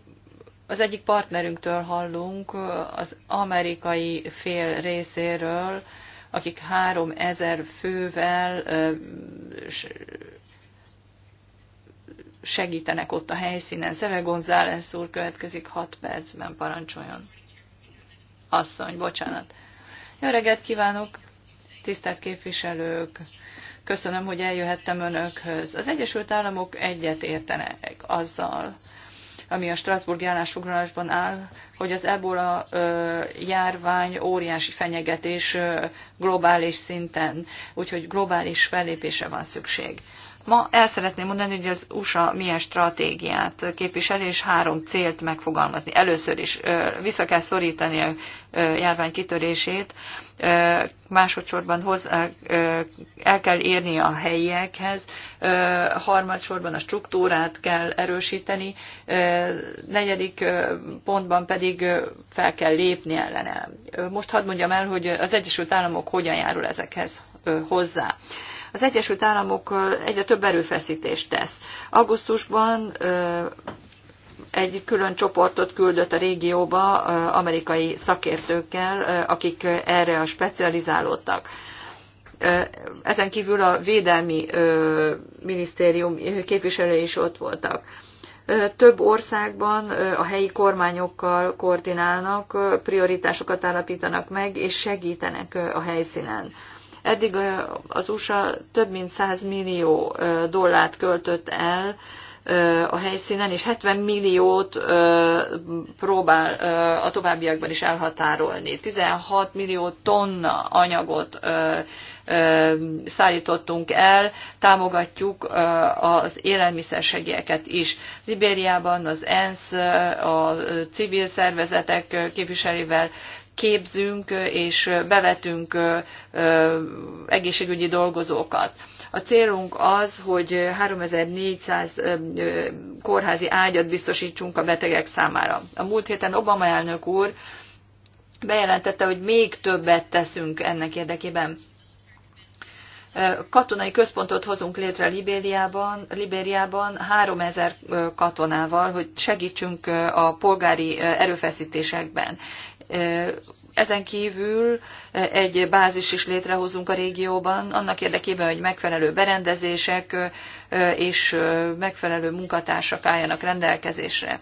az egyik partnerünktől hallunk, az amerikai fél részéről, akik három ezer fővel segítenek ott a helyszínen. Szeve González úr következik hat percben, parancsoljon. Asszony, bocsánat. Jó reggelt kívánok, tisztelt képviselők! Köszönöm, hogy eljöhettem önökhöz. Az Egyesült Államok egyet értenek azzal, ami a Strasburgi állásfoglalásban áll, hogy az ebola járvány óriási fenyegetés globális szinten, úgyhogy globális fellépése van szükség. Ma el szeretném mondani, hogy az USA milyen stratégiát képvisel, és három célt megfogalmazni. Először is vissza kell szorítani a járvány kitörését, másodszorban el kell érni a helyiekhez, harmadsorban a struktúrát kell erősíteni, negyedik pontban pedig fel kell lépni ellene. Most hadd mondjam el, hogy az Egyesült Államok hogyan járul ezekhez hozzá az Egyesült Államok egyre több erőfeszítést tesz. Augusztusban egy külön csoportot küldött a régióba amerikai szakértőkkel, akik erre a specializálódtak. Ezen kívül a Védelmi Minisztérium képviselői is ott voltak. Több országban a helyi kormányokkal koordinálnak, prioritásokat állapítanak meg, és segítenek a helyszínen. Eddig az USA több mint 100 millió dollárt költött el a helyszínen, és 70 milliót próbál a továbbiakban is elhatárolni. 16 millió tonna anyagot szállítottunk el, támogatjuk az élelmiszersegélyeket is. Libériában az ENSZ, a civil szervezetek képviselővel képzünk és bevetünk egészségügyi dolgozókat. A célunk az, hogy 3400 kórházi ágyat biztosítsunk a betegek számára. A múlt héten Obama elnök úr bejelentette, hogy még többet teszünk ennek érdekében. Katonai központot hozunk létre Libériában, Libériában 3000 katonával, hogy segítsünk a polgári erőfeszítésekben. Ezen kívül egy bázis is létrehozunk a régióban, annak érdekében, hogy megfelelő berendezések és megfelelő munkatársak álljanak rendelkezésre.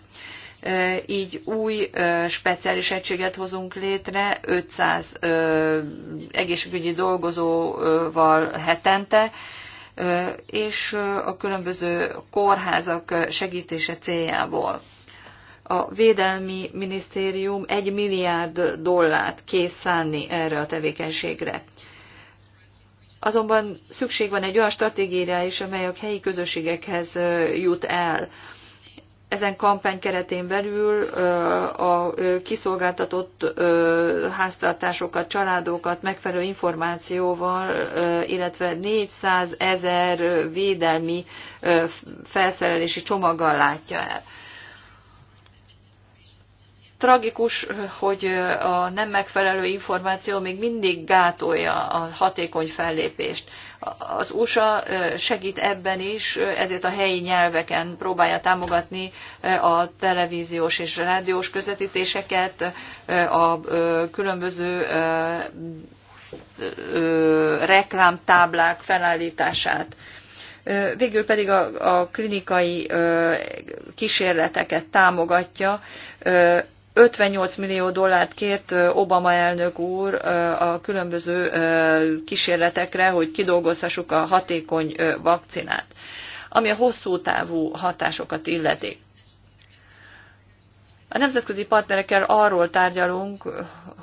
Így új speciális egységet hozunk létre, 500 egészségügyi dolgozóval hetente, és a különböző kórházak segítése céljából a Védelmi Minisztérium egy milliárd dollárt kész szánni erre a tevékenységre. Azonban szükség van egy olyan stratégiára is, amely a helyi közösségekhez jut el. Ezen kampány keretén belül a kiszolgáltatott háztartásokat, családokat megfelelő információval, illetve 400 ezer védelmi felszerelési csomaggal látja el. Tragikus, hogy a nem megfelelő információ még mindig gátolja a hatékony fellépést. Az USA segít ebben is, ezért a helyi nyelveken próbálja támogatni a televíziós és rádiós közvetítéseket, a különböző reklámtáblák felállítását. Végül pedig a, a klinikai kísérleteket támogatja, 58 millió dollárt kért Obama elnök úr a különböző kísérletekre, hogy kidolgozhassuk a hatékony vakcinát, ami a hosszú távú hatásokat illeti. A nemzetközi partnerekkel arról tárgyalunk,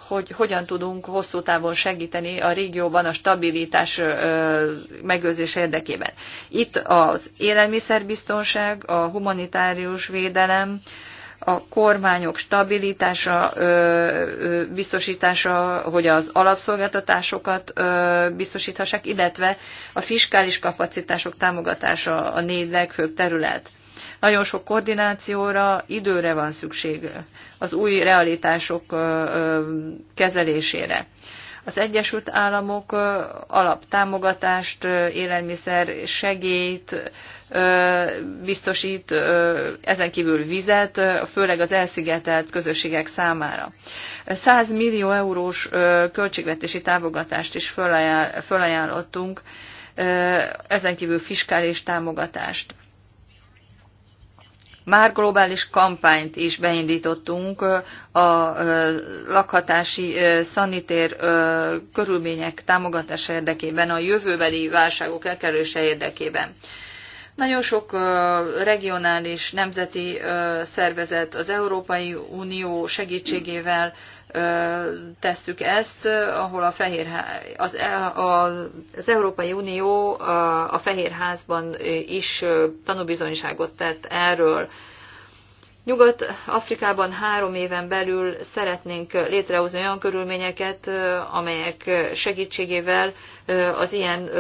hogy hogyan tudunk hosszú távon segíteni a régióban a stabilitás megőrzése érdekében. Itt az élelmiszerbiztonság, a humanitárius védelem, a kormányok stabilitása, biztosítása, hogy az alapszolgáltatásokat biztosíthassák, illetve a fiskális kapacitások támogatása a négy legfőbb terület. Nagyon sok koordinációra, időre van szükség az új realitások kezelésére. Az Egyesült Államok alaptámogatást, élelmiszer segélyt, biztosít, ezen kívül vizet, főleg az elszigetelt közösségek számára. 100 millió eurós költségvetési támogatást is fölajánlottunk, ezen kívül fiskális támogatást. Már globális kampányt is beindítottunk a lakhatási szanitér körülmények támogatása érdekében, a jövőbeli válságok elkerülése érdekében. Nagyon sok regionális, nemzeti szervezet az Európai Unió segítségével tesszük ezt, ahol a fehér, az, e- az Európai Unió a Fehérházban is tanúbizonyságot tett erről. Nyugat-Afrikában három éven belül szeretnénk létrehozni olyan körülményeket, amelyek segítségével az ilyen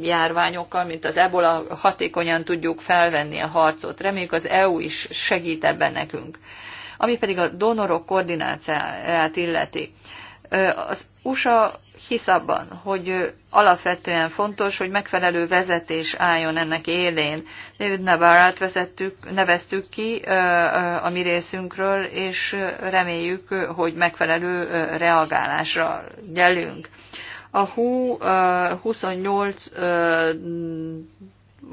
járványokkal, mint az ebola hatékonyan tudjuk felvenni a harcot. Reméljük az EU is segít ebben nekünk. Ami pedig a donorok koordinációját illeti. Az USA hisz abban, hogy alapvetően fontos, hogy megfelelő vezetés álljon ennek élén. David Navarát vezettük, neveztük ki a mi részünkről, és reméljük, hogy megfelelő reagálásra gyelünk. A HU 28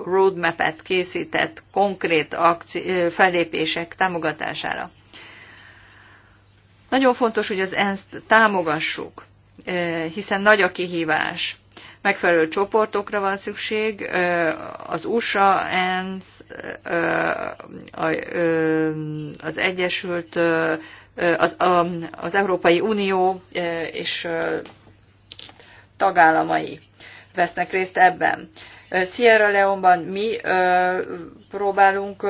roadmap-et készített konkrét akci- fellépések támogatására. Nagyon fontos, hogy az ENSZ-t támogassuk, hiszen nagy a kihívás. Megfelelő csoportokra van szükség, az USA, ENSZ, az Egyesült, az, az Európai Unió és tagállamai vesznek részt ebben. Sierra Leone-ban mi próbálunk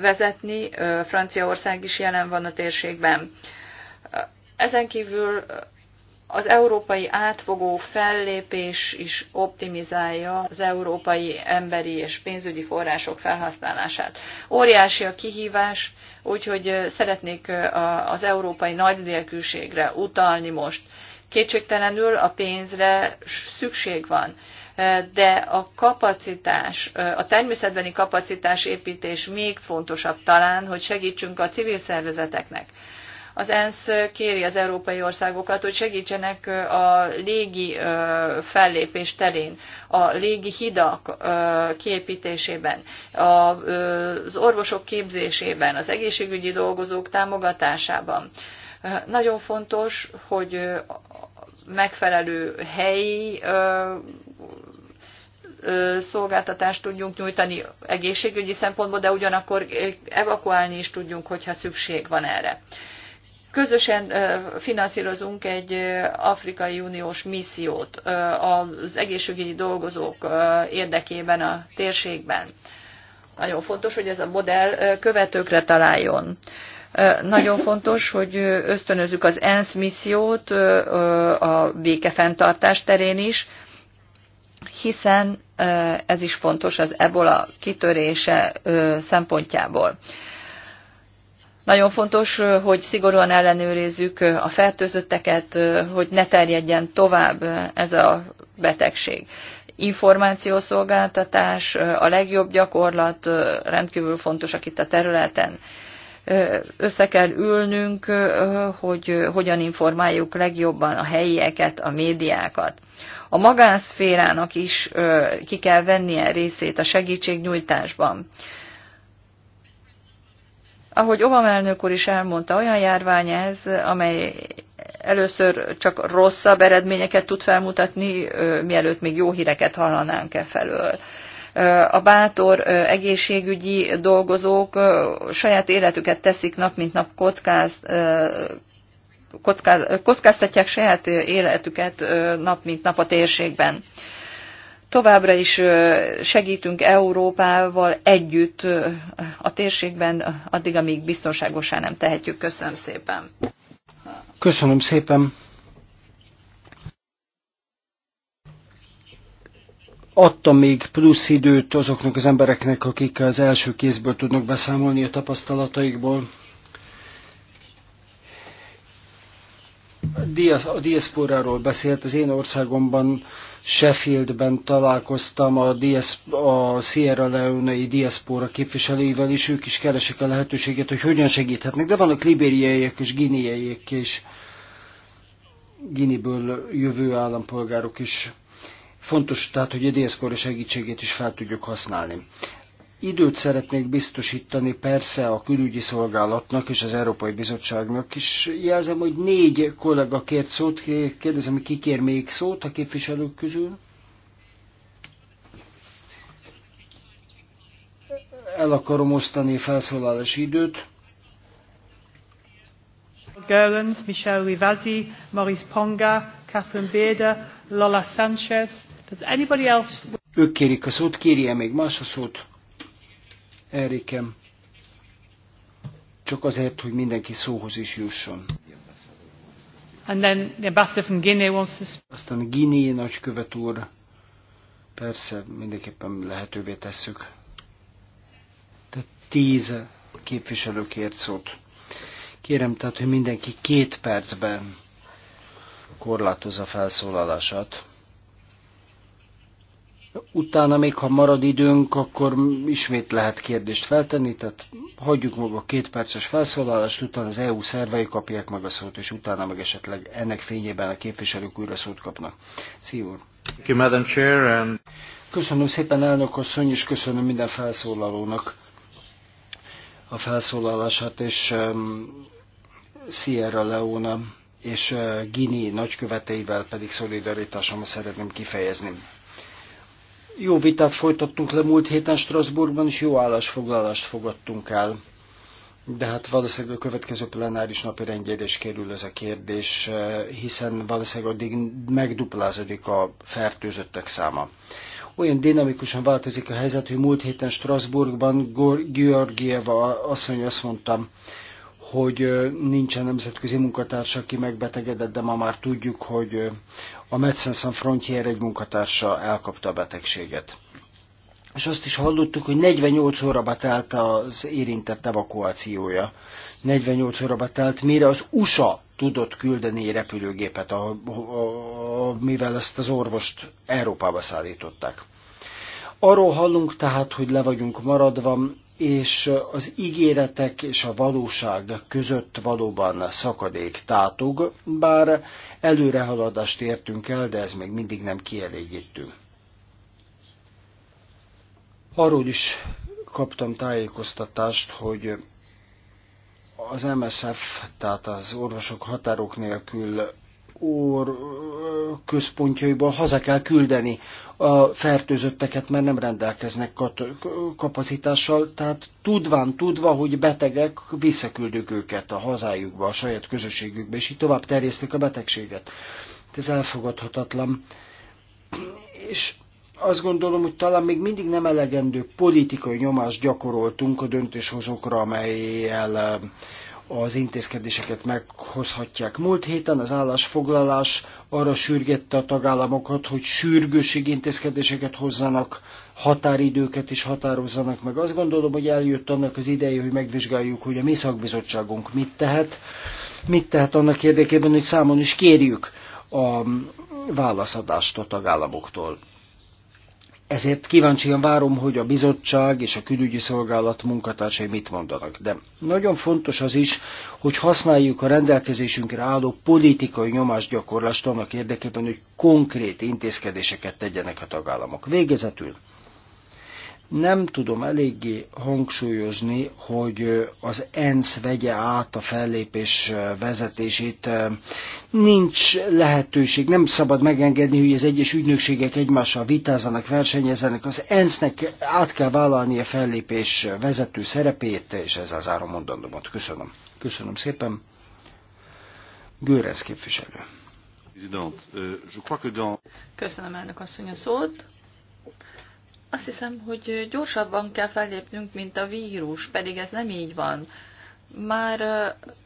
vezetni, Franciaország is jelen van a térségben ezen kívül az európai átfogó fellépés is optimizálja az európai emberi és pénzügyi források felhasználását. Óriási a kihívás, úgyhogy szeretnék az európai nagylélkűségre utalni most. Kétségtelenül a pénzre szükség van, de a kapacitás, a természetbeni kapacitás építés még fontosabb talán, hogy segítsünk a civil szervezeteknek az ENSZ kéri az európai országokat, hogy segítsenek a légi fellépés terén, a légi hidak kiépítésében, az orvosok képzésében, az egészségügyi dolgozók támogatásában. Nagyon fontos, hogy megfelelő helyi szolgáltatást tudjunk nyújtani egészségügyi szempontból, de ugyanakkor evakuálni is tudjunk, hogyha szükség van erre. Közösen finanszírozunk egy Afrikai Uniós missziót az egészségügyi dolgozók érdekében a térségben. Nagyon fontos, hogy ez a modell követőkre találjon. Nagyon fontos, hogy ösztönözzük az ENSZ missziót a békefenntartás terén is, hiszen ez is fontos az ebola kitörése szempontjából. Nagyon fontos, hogy szigorúan ellenőrizzük a fertőzötteket, hogy ne terjedjen tovább ez a betegség. Információszolgáltatás, a legjobb gyakorlat rendkívül fontosak itt a területen. Össze kell ülnünk, hogy hogyan informáljuk legjobban a helyieket, a médiákat. A magánszférának is ki kell vennie részét a segítségnyújtásban ahogy Obama elnök úr is elmondta, olyan járvány ez, amely először csak rosszabb eredményeket tud felmutatni, mielőtt még jó híreket hallanánk e felől. A bátor egészségügyi dolgozók saját életüket teszik nap mint nap kockáz, kockáz, kockáztatják saját életüket nap mint nap a térségben. Továbbra is segítünk Európával együtt a térségben, addig, amíg biztonságosá nem tehetjük. Köszönöm szépen. Köszönöm szépen. adtam még plusz időt azoknak az embereknek, akik az első kézből tudnak beszámolni a tapasztalataikból. a diaszporáról beszélt, az én országomban, Sheffieldben találkoztam a, diasz, a Sierra Leone-i diaszpora képviselőivel, és ők is keresik a lehetőséget, hogy hogyan segíthetnek, de vannak libériaiak és giniaiak és Giniből jövő állampolgárok is. Fontos tehát, hogy a diaszpora segítségét is fel tudjuk használni. Időt szeretnék biztosítani persze a külügyi szolgálatnak és az Európai Bizottságnak is. Jelzem, hogy négy kollega kért szót, kérdezem, hogy ki kér még szót a képviselők közül. El akarom osztani felszólalási időt. Goerens, Michel Rivazi, Maurice Ponga, Catherine Beda, Lola Sanchez. Does anybody else... Ők kérik a szót, kérje még más a szót. Erikem, csak azért, hogy mindenki szóhoz is jusson. And then the ambassador from Guinea wants to... Aztán Guinea nagykövet úr, persze, mindenképpen lehetővé tesszük. Tehát tíz képviselő kért szót. Kérem tehát, hogy mindenki két percben korlátozza felszólalását. Utána még, ha marad időnk, akkor ismét lehet kérdést feltenni, tehát hagyjuk maga a két perces felszólalást, utána az EU szervei kapják meg a szót, és utána meg esetleg ennek fényében a képviselők újra szót kapnak. Szia Köszönöm szépen, elnök asszony, és köszönöm minden felszólalónak a felszólalását, és um, Sierra Leona és uh, Gini nagyköveteivel pedig szolidaritásomat szeretném kifejezni. Jó vitát folytattunk le múlt héten Strasbourgban, és jó állásfoglalást fogadtunk el. De hát valószínűleg a következő plenáris napi rendjére is kerül ez a kérdés, hiszen valószínűleg addig megduplázódik a fertőzöttek száma. Olyan dinamikusan változik a helyzet, hogy múlt héten Strasbourgban Georgieva asszony azt mondta hogy nincsen nemzetközi munkatársa, aki megbetegedett, de ma már tudjuk, hogy a Médecins Sans Frontier egy munkatársa elkapta a betegséget. És azt is hallottuk, hogy 48 óra telt az érintett evakuációja. 48 óra telt, mire az USA tudott küldeni egy repülőgépet, a, a, a, mivel ezt az orvost Európába szállították. Arról hallunk tehát, hogy le vagyunk maradva, és az ígéretek és a valóság között valóban szakadék tátog, bár előrehaladást értünk el, de ez még mindig nem kielégítő. Arról is kaptam tájékoztatást, hogy az MSF, tehát az orvosok határok nélkül or központjaiba haza kell küldeni a fertőzötteket, mert nem rendelkeznek kapacitással, tehát tudván tudva, hogy betegek, visszaküldjük őket a hazájukba, a saját közösségükbe, és így tovább terjesztik a betegséget. Ez elfogadhatatlan. És azt gondolom, hogy talán még mindig nem elegendő politikai nyomást gyakoroltunk a döntéshozókra, amelyel az intézkedéseket meghozhatják. Múlt héten az állásfoglalás arra sürgette a tagállamokat, hogy sürgőség intézkedéseket hozzanak, határidőket is határozzanak meg. Azt gondolom, hogy eljött annak az ideje, hogy megvizsgáljuk, hogy a mi szakbizottságunk mit tehet, mit tehet annak érdekében, hogy számon is kérjük a válaszadást a tagállamoktól. Ezért kíváncsian várom, hogy a bizottság és a külügyi szolgálat munkatársai mit mondanak. De nagyon fontos az is, hogy használjuk a rendelkezésünkre álló politikai nyomásgyakorlást annak érdekében, hogy konkrét intézkedéseket tegyenek a tagállamok. Végezetül nem tudom eléggé hangsúlyozni, hogy az ENSZ vegye át a fellépés vezetését. Nincs lehetőség, nem szabad megengedni, hogy az egyes ügynökségek egymással vitázzanak, versenyezzenek. Az ENSZ-nek át kell vállalni a fellépés vezető szerepét, és ezzel áram mondandómat. Köszönöm. Köszönöm szépen. Gőrensz képviselő. Euh, Köszönöm elnök asszony a szót. Azt hiszem, hogy gyorsabban kell fellépnünk, mint a vírus, pedig ez nem így van. Már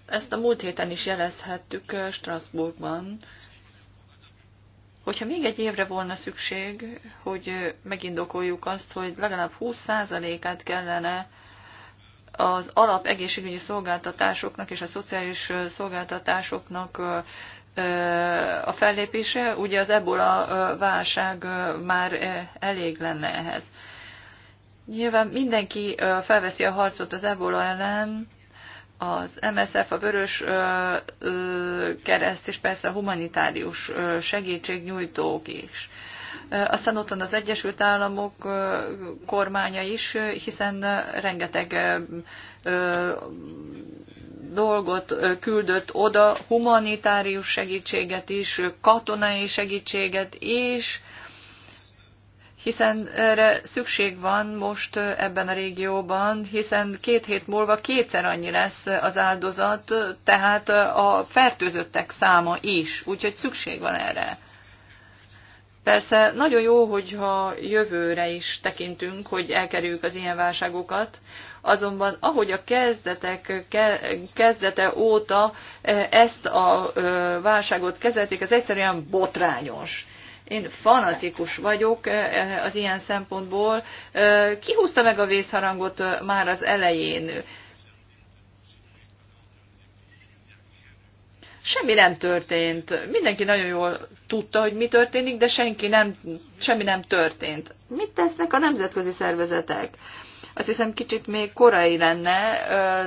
ezt a múlt héten is jelezhettük Strasbourgban, hogyha még egy évre volna szükség, hogy megindokoljuk azt, hogy legalább 20%-át kellene az alap egészségügyi szolgáltatásoknak és a szociális szolgáltatásoknak a fellépése, ugye az ebola válság már elég lenne ehhez. Nyilván mindenki felveszi a harcot az ebola ellen, az MSF, a Vörös Kereszt, és persze a humanitárius segítségnyújtók is. Aztán ott van az Egyesült Államok kormánya is, hiszen rengeteg dolgot küldött oda, humanitárius segítséget is, katonai segítséget is, hiszen erre szükség van most ebben a régióban, hiszen két hét múlva kétszer annyi lesz az áldozat, tehát a fertőzöttek száma is, úgyhogy szükség van erre. Persze nagyon jó, hogyha jövőre is tekintünk, hogy elkerüljük az ilyen válságokat, azonban ahogy a kezdetek kezdete óta e, ezt a e, válságot kezelték, ez egyszerűen botrányos. Én fanatikus vagyok e, az ilyen szempontból. Kihúzta meg a vészharangot már az elején. semmi nem történt. Mindenki nagyon jól tudta, hogy mi történik, de senki nem, semmi nem történt. Mit tesznek a nemzetközi szervezetek? Azt hiszem kicsit még korai lenne,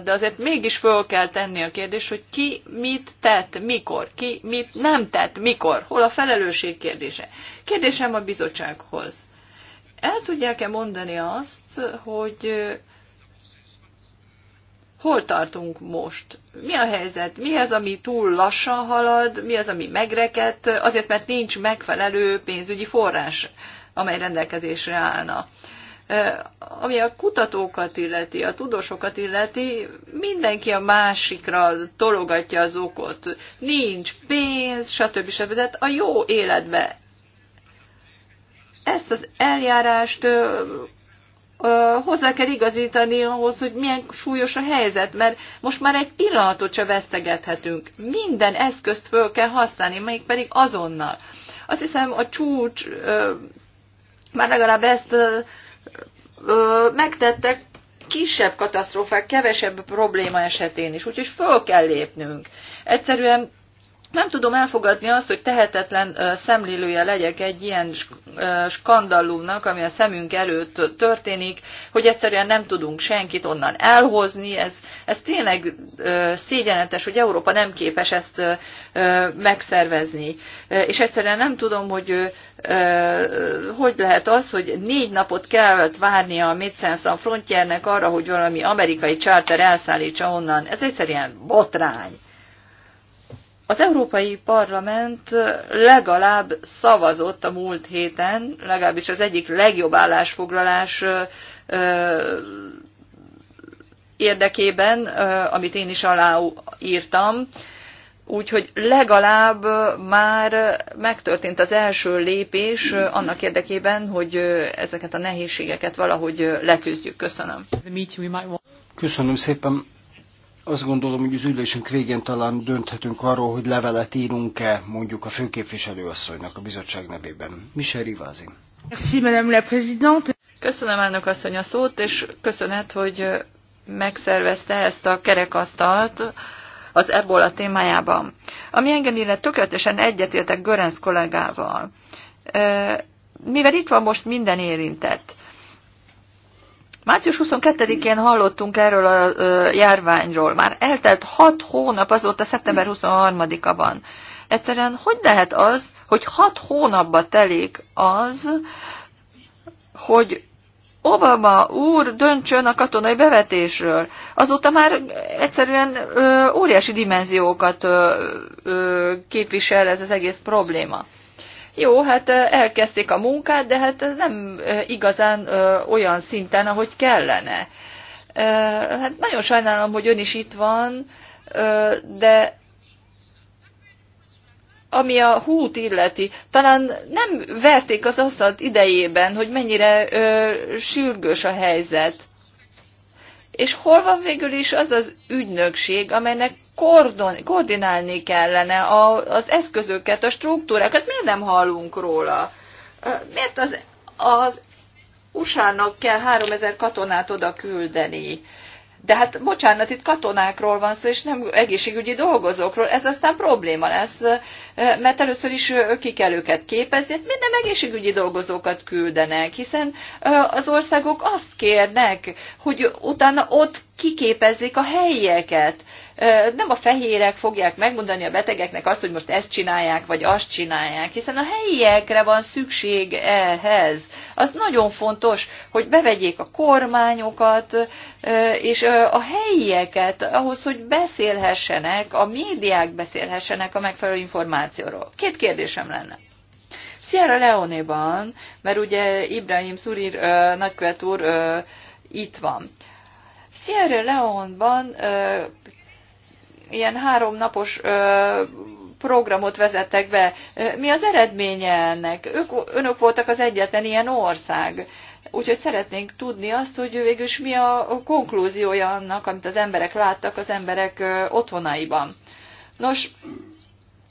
de azért mégis föl kell tenni a kérdés, hogy ki mit tett, mikor, ki mit nem tett, mikor, hol a felelősség kérdése. Kérdésem a bizottsághoz. El tudják-e mondani azt, hogy hol tartunk most? Mi a helyzet? Mi az, ami túl lassan halad? Mi az, ami megreket? Azért, mert nincs megfelelő pénzügyi forrás, amely rendelkezésre állna ami a kutatókat illeti, a tudósokat illeti, mindenki a másikra tologatja az okot. Nincs pénz, stb. stb. De hát a jó életbe ezt az eljárást ö, ö, hozzá kell igazítani ahhoz, hogy milyen súlyos a helyzet, mert most már egy pillanatot se vesztegethetünk. Minden eszközt föl kell használni, még pedig azonnal. Azt hiszem a csúcs ö, már legalább ezt ö, megtettek kisebb katasztrófák, kevesebb probléma esetén is, úgyhogy föl kell lépnünk. Egyszerűen nem tudom elfogadni azt, hogy tehetetlen szemlélője legyek egy ilyen skandallumnak, ami a szemünk előtt történik, hogy egyszerűen nem tudunk senkit onnan elhozni. Ez, ez tényleg szégyenletes, hogy Európa nem képes ezt megszervezni. És egyszerűen nem tudom, hogy hogy lehet az, hogy négy napot kellett várnia a Mitsenszan frontjernek arra, hogy valami amerikai charter elszállítsa onnan. Ez egyszerűen botrány. Az Európai Parlament legalább szavazott a múlt héten, legalábbis az egyik legjobb állásfoglalás érdekében, amit én is aláírtam, úgyhogy legalább már megtörtént az első lépés annak érdekében, hogy ezeket a nehézségeket valahogy leküzdjük. Köszönöm. Köszönöm szépen. Azt gondolom, hogy az ülésünk végén talán dönthetünk arról, hogy levelet írunk-e mondjuk a főképviselő asszonynak a bizottság nevében. Michel Rivázi. Köszönöm elnök asszony a szót, és köszönet, hogy megszervezte ezt a kerekasztalt az ebola témájában. Ami engem illet, tökéletesen egyetértek Görenc kollégával. Mivel itt van most minden érintett, Március 22-én hallottunk erről a járványról. Már eltelt 6 hónap, azóta szeptember 23-a van. Egyszerűen hogy lehet az, hogy 6 hónapba telik az, hogy Obama úr döntsön a katonai bevetésről. Azóta már egyszerűen ö, óriási dimenziókat ö, ö, képvisel ez az egész probléma. Jó, hát elkezdték a munkát, de hát ez nem igazán olyan szinten, ahogy kellene. Hát nagyon sajnálom, hogy ön is itt van, de ami a hút illeti, talán nem verték az asztalt idejében, hogy mennyire sürgős a helyzet és hol van végül is az az ügynökség, amelynek kordon, koordinálni kellene a, az eszközöket, a struktúrákat? Miért nem hallunk róla? Miért az, az USA-nak kell 3000 katonát oda küldeni? De hát bocsánat, itt katonákról van szó, és nem egészségügyi dolgozókról. Ez aztán probléma lesz, mert először is ki kell őket képezni, hát minden egészségügyi dolgozókat küldenek, hiszen az országok azt kérnek, hogy utána ott kiképezzék a helyieket nem a fehérek fogják megmondani a betegeknek azt, hogy most ezt csinálják, vagy azt csinálják, hiszen a helyiekre van szükség ehhez. Az nagyon fontos, hogy bevegyék a kormányokat, és a helyieket ahhoz, hogy beszélhessenek, a médiák beszélhessenek a megfelelő információról. Két kérdésem lenne. Sierra Leone-ban, mert ugye Ibrahim Szurir nagykövet úr itt van. Sierra Leone-ban ilyen háromnapos programot vezettek be. Mi az eredménye ennek? Ők, önök voltak az egyetlen ilyen ország. Úgyhogy szeretnénk tudni azt, hogy végül mi a konklúziója annak, amit az emberek láttak az emberek otthonaiban. Nos,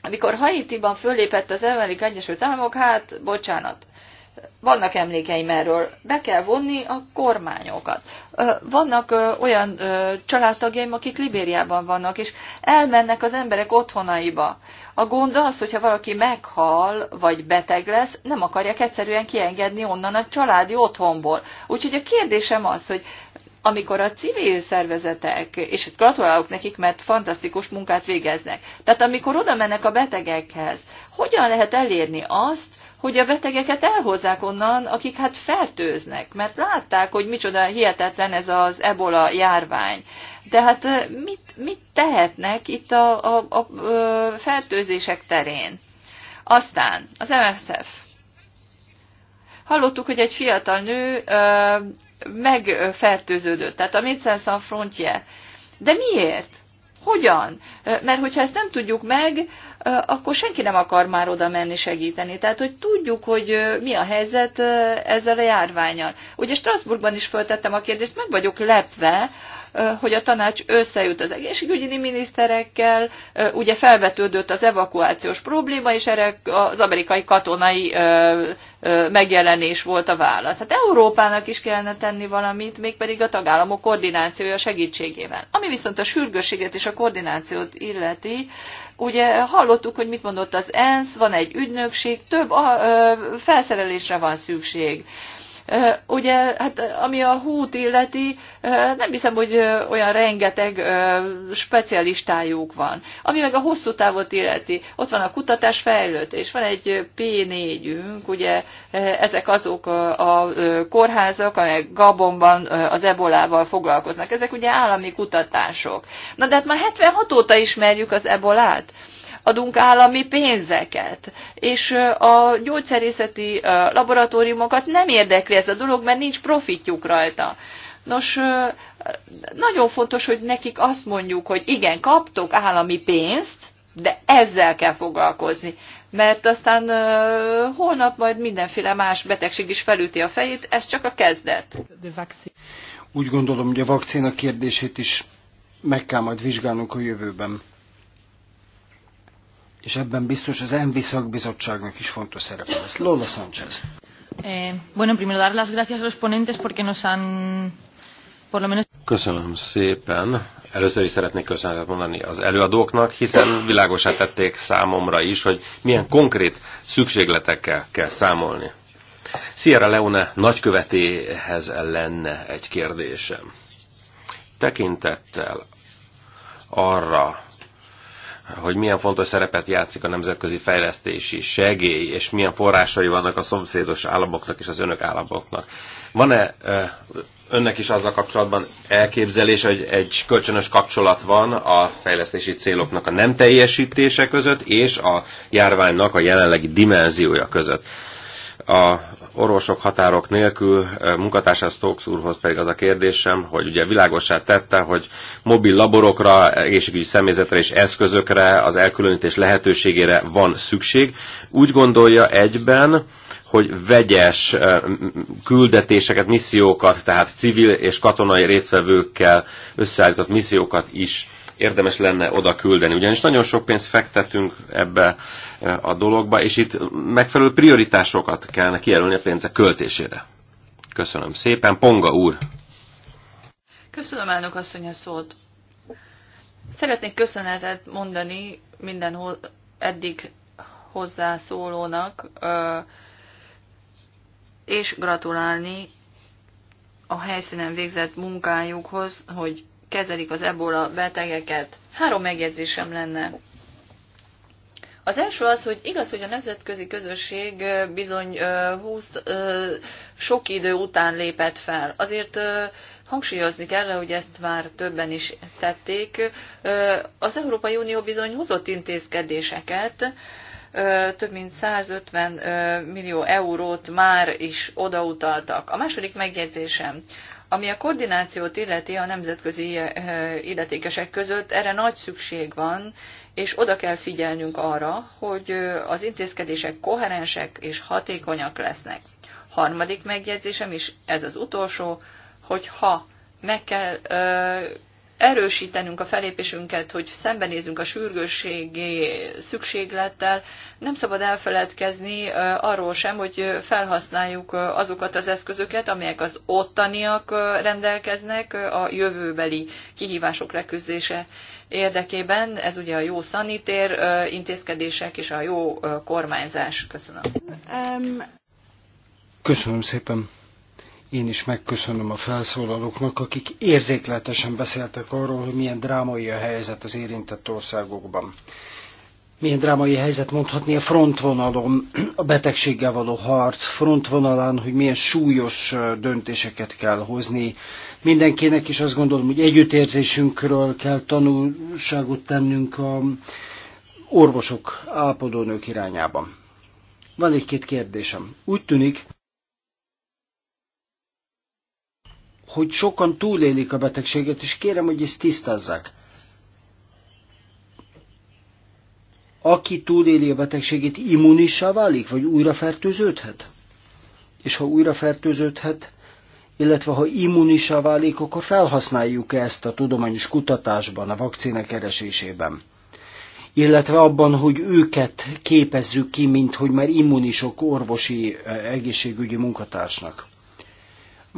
amikor Haiti-ban fölépett az Amerikai Egyesült Államok, hát bocsánat, vannak emlékeim erről, be kell vonni a kormányokat. Vannak olyan családtagjaim, akik Libériában vannak, és elmennek az emberek otthonaiba. A gond az, hogyha valaki meghal, vagy beteg lesz, nem akarják egyszerűen kiengedni onnan a családi otthonból. Úgyhogy a kérdésem az, hogy amikor a civil szervezetek, és gratulálok nekik, mert fantasztikus munkát végeznek, tehát amikor oda mennek a betegekhez, hogyan lehet elérni azt, hogy a betegeket elhozzák onnan, akik hát fertőznek, mert látták, hogy micsoda hihetetlen ez az ebola járvány. hát mit, mit tehetnek itt a, a, a fertőzések terén? Aztán az MSF. Hallottuk, hogy egy fiatal nő ö, megfertőződött, tehát a Médecins frontje. De miért? Hogyan? Mert hogyha ezt nem tudjuk meg, akkor senki nem akar már oda menni segíteni. Tehát, hogy tudjuk, hogy mi a helyzet ezzel a járványal. Ugye Strasbourgban is föltettem a kérdést, meg vagyok lepve, hogy a tanács összejut az egészségügyi miniszterekkel, ugye felvetődött az evakuációs probléma, és erre az amerikai katonai megjelenés volt a válasz. Hát Európának is kellene tenni valamit, mégpedig a tagállamok koordinációja segítségével. Ami viszont a sürgősséget és a koordinációt illeti, ugye hallottuk, hogy mit mondott az ENSZ, van egy ügynökség, több felszerelésre van szükség. Ugye, hát ami a hút illeti, nem hiszem, hogy olyan rengeteg specialistájuk van. Ami meg a hosszú távot illeti, ott van a kutatás fejlődés, van egy P4-ünk, ugye ezek azok a, a kórházak, amelyek Gabonban az ebolával foglalkoznak. Ezek ugye állami kutatások. Na de hát már 76 óta ismerjük az ebolát adunk állami pénzeket, és a gyógyszerészeti laboratóriumokat nem érdekli ez a dolog, mert nincs profitjuk rajta. Nos, nagyon fontos, hogy nekik azt mondjuk, hogy igen, kaptok állami pénzt, de ezzel kell foglalkozni. Mert aztán holnap majd mindenféle más betegség is felüti a fejét, ez csak a kezdet. Úgy gondolom, hogy a vakcina kérdését is meg kell majd vizsgálnunk a jövőben és ebben biztos az ENVI szakbizottságnak is fontos szerepe lesz. Lola Sánchez. Eh, bueno, primero dar las gracias a los ponentes porque nos han por lo menos... Köszönöm szépen. Először is szeretnék köszönetet mondani az előadóknak, hiszen világosá tették számomra is, hogy milyen konkrét szükségletekkel kell számolni. Sierra Leone nagykövetéhez lenne egy kérdésem. Tekintettel arra, hogy milyen fontos szerepet játszik a nemzetközi fejlesztési segély, és milyen forrásai vannak a szomszédos államoknak és az önök államoknak. Van-e önnek is azzal kapcsolatban elképzelés, hogy egy kölcsönös kapcsolat van a fejlesztési céloknak a nem teljesítése között és a járványnak a jelenlegi dimenziója között? A orvosok határok nélkül, eh, munkatársa Stokes úrhoz pedig az a kérdésem, hogy ugye világosá tette, hogy mobil laborokra, egészségügyi személyzetre és eszközökre, az elkülönítés lehetőségére van szükség. Úgy gondolja egyben, hogy vegyes eh, küldetéseket, missziókat, tehát civil és katonai résztvevőkkel összeállított missziókat is érdemes lenne oda küldeni. Ugyanis nagyon sok pénzt fektetünk ebbe eh, a dologba, és itt megfelelő prioritásokat kellene kijelölni a pénzek költésére. Köszönöm szépen. Ponga úr! Köszönöm elnök asszony a szót. Szeretnék köszönetet mondani minden eddig hozzászólónak, és gratulálni a helyszínen végzett munkájukhoz, hogy kezelik az ebola betegeket. Három megjegyzésem lenne. Az első az, hogy igaz, hogy a nemzetközi közösség bizony 20, sok idő után lépett fel. Azért hangsúlyozni kell, hogy ezt már többen is tették. Az Európai Unió bizony hozott intézkedéseket, több mint 150 millió eurót már is odautaltak. A második megjegyzésem. Ami a koordinációt illeti a nemzetközi eh, illetékesek között, erre nagy szükség van, és oda kell figyelnünk arra, hogy eh, az intézkedések koherensek és hatékonyak lesznek. Harmadik megjegyzésem is, ez az utolsó, hogy ha meg kell eh, erősítenünk a felépésünket, hogy szembenézünk a sürgősségi szükséglettel, nem szabad elfeledkezni arról sem, hogy felhasználjuk azokat az eszközöket, amelyek az ottaniak rendelkeznek a jövőbeli kihívások leküzdése érdekében. Ez ugye a jó szanitér intézkedések és a jó kormányzás. Köszönöm. Um, Köszönöm szépen. Én is megköszönöm a felszólalóknak, akik érzékletesen beszéltek arról, hogy milyen drámai a helyzet az érintett országokban. Milyen drámai helyzet mondhatni a frontvonalon, a betegséggel való harc frontvonalán, hogy milyen súlyos döntéseket kell hozni. Mindenkinek is azt gondolom, hogy együttérzésünkről kell tanulságot tennünk a orvosok, ápolónők irányában. Van egy-két kérdésem. Úgy tűnik, hogy sokan túlélik a betegséget, és kérem, hogy ezt tisztázzák. Aki túléli a betegségét, immunissá válik, vagy fertőződhet? És ha fertőződhet, illetve ha immunissá válik, akkor felhasználjuk ezt a tudományos kutatásban, a vakcina keresésében illetve abban, hogy őket képezzük ki, mint hogy már immunisok orvosi eh, egészségügyi munkatársnak.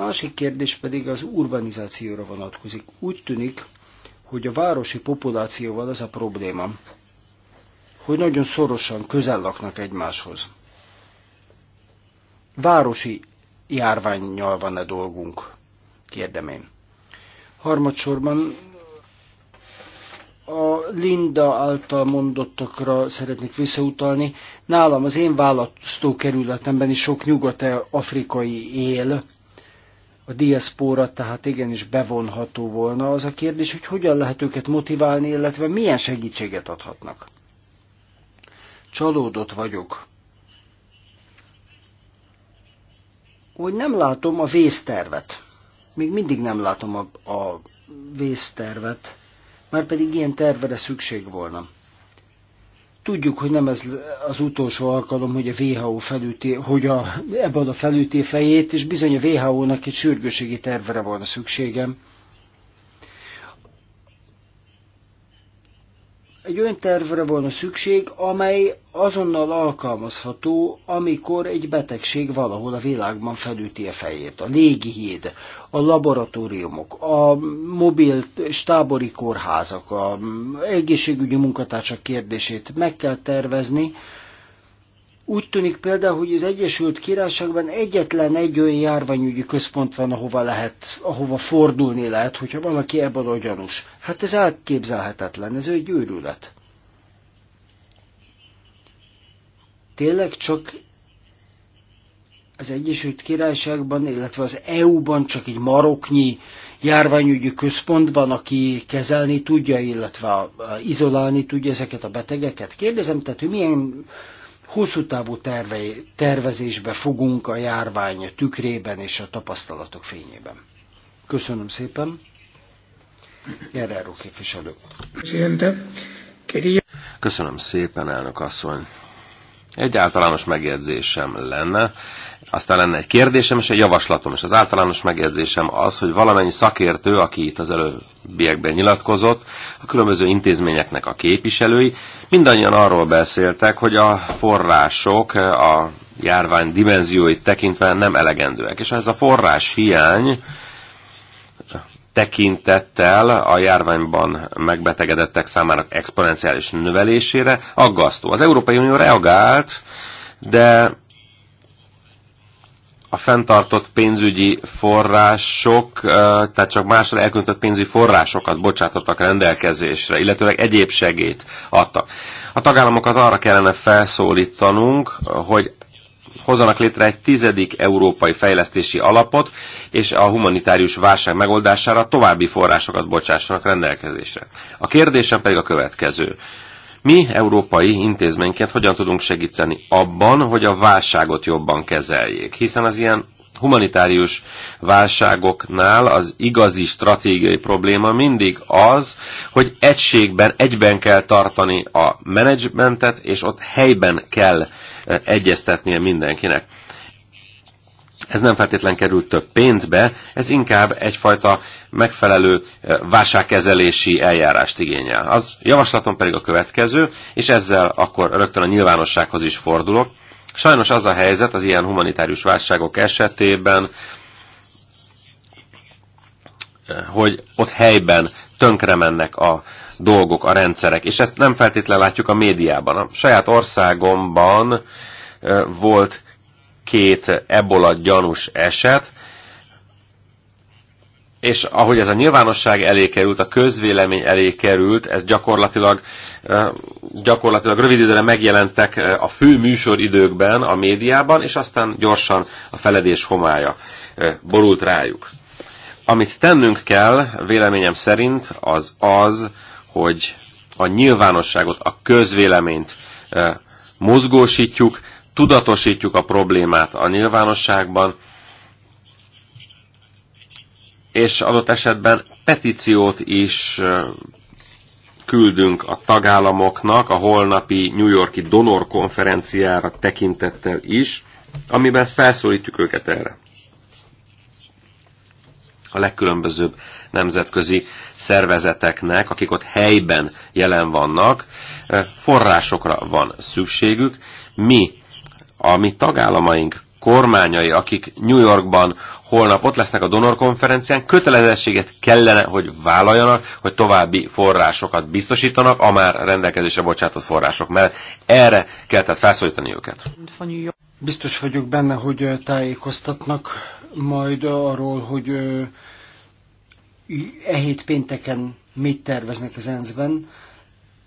Másik kérdés pedig az urbanizációra vonatkozik. Úgy tűnik, hogy a városi populációval ez a probléma, hogy nagyon szorosan közel laknak egymáshoz. Városi járványjal van-e dolgunk? Kérdem én. Harmadsorban a Linda által mondottakra szeretnék visszautalni. Nálam az én választókerületemben is sok nyugat-afrikai él, a diaszpóra tehát igenis bevonható volna. Az a kérdés, hogy hogyan lehet őket motiválni, illetve milyen segítséget adhatnak. Csalódott vagyok, hogy nem látom a vésztervet. Még mindig nem látom a, a vésztervet, már pedig ilyen tervere szükség volna. Tudjuk, hogy nem ez az utolsó alkalom, hogy a WHO felüté, hogy a, ebben a felüté fejét, és bizony a WHO-nak egy sürgőségi tervre van szükségem egy olyan tervre volna szükség, amely azonnal alkalmazható, amikor egy betegség valahol a világban felüti a fejét. A légihíd, a laboratóriumok, a mobil stábori kórházak, a egészségügyi munkatársak kérdését meg kell tervezni, úgy tűnik például, hogy az Egyesült Királyságban egyetlen egy olyan járványügyi központ van, ahova, lehet, ahova fordulni lehet, hogyha valaki ebből a gyanús. Hát ez elképzelhetetlen, ez egy őrület. Tényleg csak az Egyesült Királyságban, illetve az EU-ban csak egy maroknyi járványügyi központ van, aki kezelni tudja, illetve izolálni tudja ezeket a betegeket. Kérdezem, tehát hogy milyen hosszú távú tervei, tervezésbe fogunk a járvány tükrében és a tapasztalatok fényében. Köszönöm szépen. Gerrero képviselő. Köszönöm szépen, elnök asszony. Egy általános megjegyzésem lenne, aztán lenne egy kérdésem és egy javaslatom, és az általános megjegyzésem az, hogy valamennyi szakértő, aki itt az előbbiekben nyilatkozott, a különböző intézményeknek a képviselői, mindannyian arról beszéltek, hogy a források a járvány dimenzióit tekintve nem elegendőek. És ez a forrás hiány tekintettel a járványban megbetegedettek számának exponenciális növelésére aggasztó. Az Európai Unió reagált, de a fenntartott pénzügyi források, tehát csak másra elköltött pénzügyi forrásokat bocsátottak rendelkezésre, illetőleg egyéb segét adtak. A tagállamokat arra kellene felszólítanunk, hogy hozzanak létre egy tizedik európai fejlesztési alapot, és a humanitárius válság megoldására további forrásokat bocsássanak rendelkezésre. A kérdésem pedig a következő. Mi európai intézményként hogyan tudunk segíteni abban, hogy a válságot jobban kezeljék? Hiszen az ilyen humanitárius válságoknál az igazi stratégiai probléma mindig az, hogy egységben, egyben kell tartani a menedzsmentet, és ott helyben kell egyeztetnie mindenkinek. Ez nem feltétlen került több pénzbe, ez inkább egyfajta megfelelő eh, válságkezelési eljárást igényel. Az javaslatom pedig a következő, és ezzel akkor rögtön a nyilvánossághoz is fordulok. Sajnos az a helyzet az ilyen humanitárius válságok esetében, eh, hogy ott helyben tönkre mennek a dolgok, a rendszerek, és ezt nem feltétlenül látjuk a médiában. A saját országomban volt két ebola gyanús eset, és ahogy ez a nyilvánosság elé került, a közvélemény elé került, ez gyakorlatilag, gyakorlatilag rövid időre megjelentek a fő műsoridőkben, a médiában, és aztán gyorsan a feledés homája borult rájuk. Amit tennünk kell, véleményem szerint, az az, hogy a nyilvánosságot, a közvéleményt eh, mozgósítjuk, tudatosítjuk a problémát a nyilvánosságban, és adott esetben petíciót is eh, küldünk a tagállamoknak a holnapi New Yorki donor konferenciára tekintettel is, amiben felszólítjuk őket erre. A legkülönbözőbb nemzetközi szervezeteknek, akik ott helyben jelen vannak, eh, forrásokra van szükségük. Mi, a mi tagállamaink kormányai, akik New Yorkban holnap ott lesznek a donorkonferencián kötelezettséget kellene, hogy vállaljanak, hogy további forrásokat biztosítanak a már rendelkezésre bocsátott források mellett. Erre kell tehát felszólítani őket. Biztos vagyok benne, hogy tájékoztatnak majd arról, hogy e hét pénteken mit terveznek az ENSZ-ben.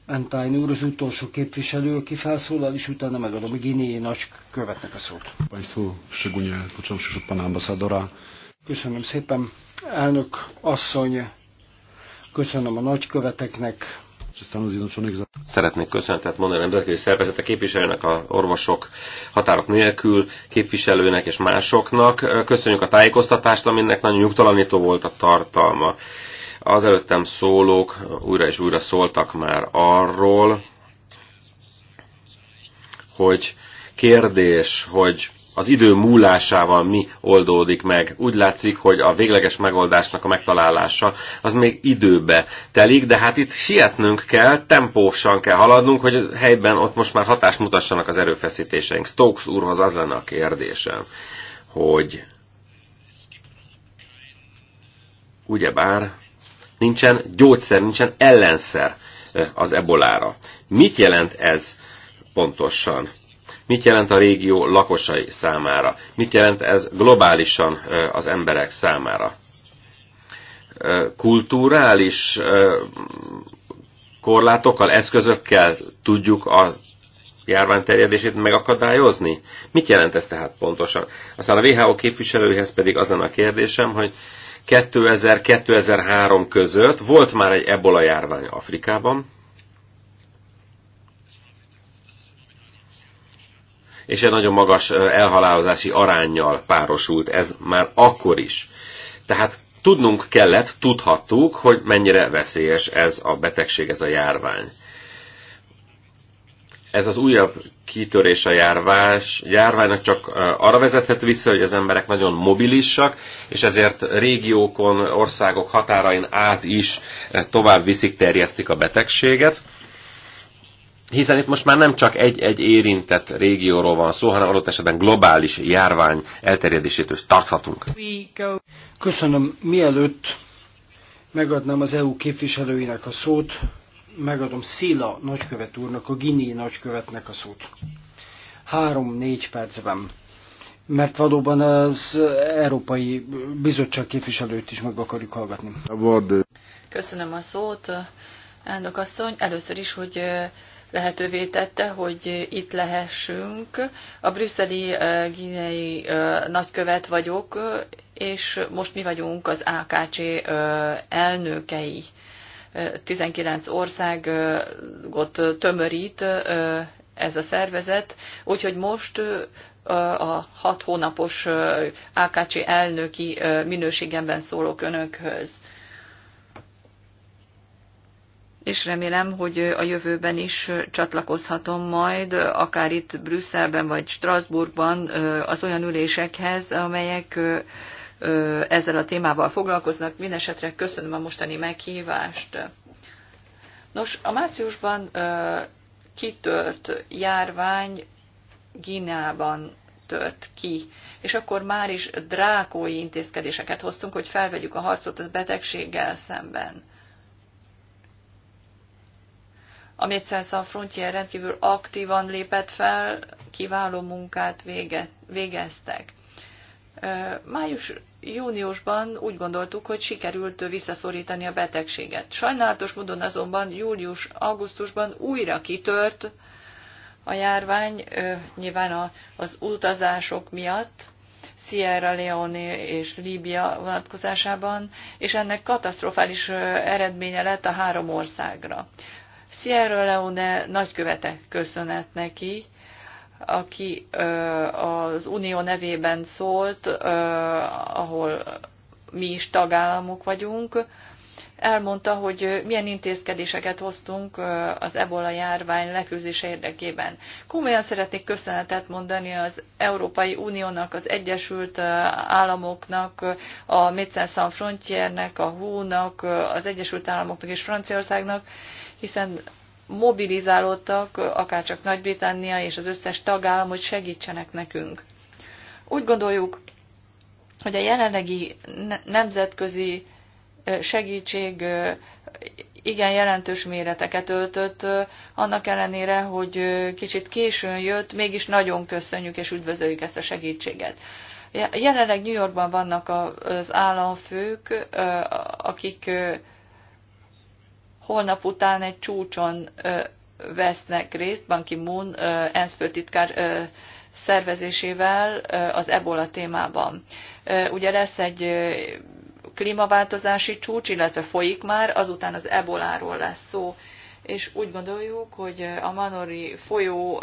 Entájn úr az utolsó képviselő, aki felszólal, és utána megadom a Guinéi nagy követnek a szót. Köszönöm szépen, elnök asszony, köszönöm a nagyköveteknek, Szeretnék köszönetet mondani a nemzetközi szervezetek képviselőnek, a orvosok határok nélkül képviselőnek és másoknak. Köszönjük a tájékoztatást, aminek nagyon nyugtalanító volt a tartalma. Az előttem szólók újra és újra szóltak már arról, hogy kérdés, hogy az idő múlásával mi oldódik meg. Úgy látszik, hogy a végleges megoldásnak a megtalálása az még időbe telik, de hát itt sietnünk kell, tempósan kell haladnunk, hogy helyben ott most már hatást mutassanak az erőfeszítéseink. Stokes úrhoz az lenne a kérdésem, hogy ugyebár nincsen gyógyszer, nincsen ellenszer eh, az ebolára. Mit jelent ez pontosan? Mit jelent a régió lakosai számára? Mit jelent ez globálisan az emberek számára? Kulturális korlátokkal, eszközökkel tudjuk a járvány terjedését megakadályozni? Mit jelent ez tehát pontosan? Aztán a WHO képviselőihez pedig az lenne a kérdésem, hogy 2000-2003 között volt már egy ebola járvány Afrikában, és egy nagyon magas elhalálozási arányjal párosult ez már akkor is. Tehát tudnunk kellett, tudhattuk, hogy mennyire veszélyes ez a betegség, ez a járvány. Ez az újabb kitörés a járvás, járványnak csak arra vezethet vissza, hogy az emberek nagyon mobilisak, és ezért régiókon, országok határain át is tovább viszik, terjesztik a betegséget hiszen itt most már nem csak egy-egy érintett régióról van szó, hanem adott esetben globális járvány elterjedésétől tarthatunk. Köszönöm. Mielőtt megadnám az EU képviselőinek a szót, megadom Szila nagykövet úrnak, a Gini nagykövetnek a szót. Három-négy percben. Mert valóban az Európai Bizottság képviselőt is meg akarjuk hallgatni. Köszönöm a szót, elnök asszony. Először is, hogy lehetővé tette, hogy itt lehessünk. A brüsszeli eh, gínei eh, nagykövet vagyok, eh, és most mi vagyunk az AKC elnökei. 19 országot tömörít ez a szervezet, úgyhogy most a hat hónapos AKC elnöki minőségemben szólok önökhöz és remélem, hogy a jövőben is csatlakozhatom majd, akár itt Brüsszelben vagy Strasbourgban az olyan ülésekhez, amelyek ezzel a témával foglalkoznak. Mindenesetre köszönöm a mostani meghívást. Nos, a márciusban kitört járvány Gineában tört ki, és akkor már is drákói intézkedéseket hoztunk, hogy felvegyük a harcot a betegséggel szemben a Médszerszal Frontier rendkívül aktívan lépett fel, kiváló munkát végeztek. Május-júniusban úgy gondoltuk, hogy sikerült visszaszorítani a betegséget. Sajnálatos módon azonban július-augusztusban újra kitört a járvány, nyilván az utazások miatt, Sierra Leone és Líbia vonatkozásában, és ennek katasztrofális eredménye lett a három országra. Sierra Leone nagykövete köszönet neki, aki az Unió nevében szólt, ahol mi is tagállamok vagyunk, elmondta, hogy milyen intézkedéseket hoztunk az ebola járvány leküzdése érdekében. Komolyan szeretnék köszönetet mondani az Európai Uniónak, az Egyesült Államoknak, a Médecins Sans Frontiernek, a hú az Egyesült Államoknak és Franciaországnak, hiszen mobilizálódtak, akár csak Nagy-Britannia és az összes tagállam, hogy segítsenek nekünk. Úgy gondoljuk, hogy a jelenlegi nemzetközi segítség igen jelentős méreteket öltött, annak ellenére, hogy kicsit későn jött, mégis nagyon köszönjük és üdvözöljük ezt a segítséget. Jelenleg New Yorkban vannak az államfők, akik holnap után egy csúcson vesznek részt, Ban Ki-moon ENSZ főtitkár szervezésével az ebola témában. Ugye lesz egy klímaváltozási csúcs, illetve folyik már, azután az eboláról lesz szó. És úgy gondoljuk, hogy a Manori folyó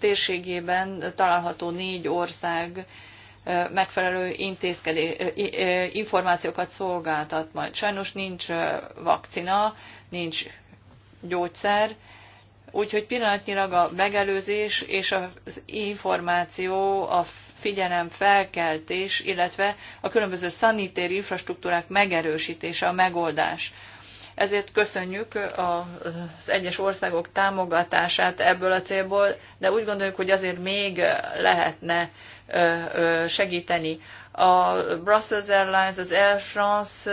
térségében található négy ország megfelelő intézkedé, információkat szolgáltat majd. Sajnos nincs vakcina, nincs gyógyszer, úgyhogy pillanatnyilag a megelőzés és az információ, a figyelem felkeltés, illetve a különböző szanitéri infrastruktúrák megerősítése a megoldás. Ezért köszönjük az egyes országok támogatását ebből a célból, de úgy gondoljuk, hogy azért még lehetne segíteni. A Brussels Airlines, az Air France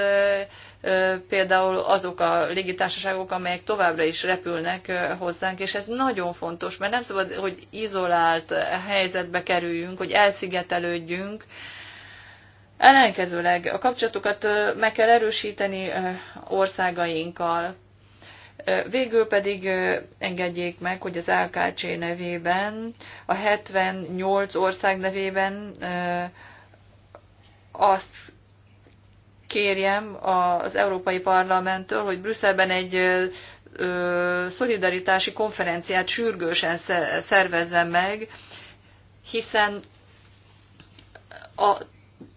például azok a légitársaságok, amelyek továbbra is repülnek hozzánk, és ez nagyon fontos, mert nem szabad, hogy izolált helyzetbe kerüljünk, hogy elszigetelődjünk, Ellenkezőleg a kapcsolatokat meg kell erősíteni országainkkal. Végül pedig engedjék meg, hogy az LKC nevében, a 78 ország nevében azt kérjem az Európai Parlamenttől, hogy Brüsszelben egy szolidaritási konferenciát sürgősen szervezzen meg, hiszen a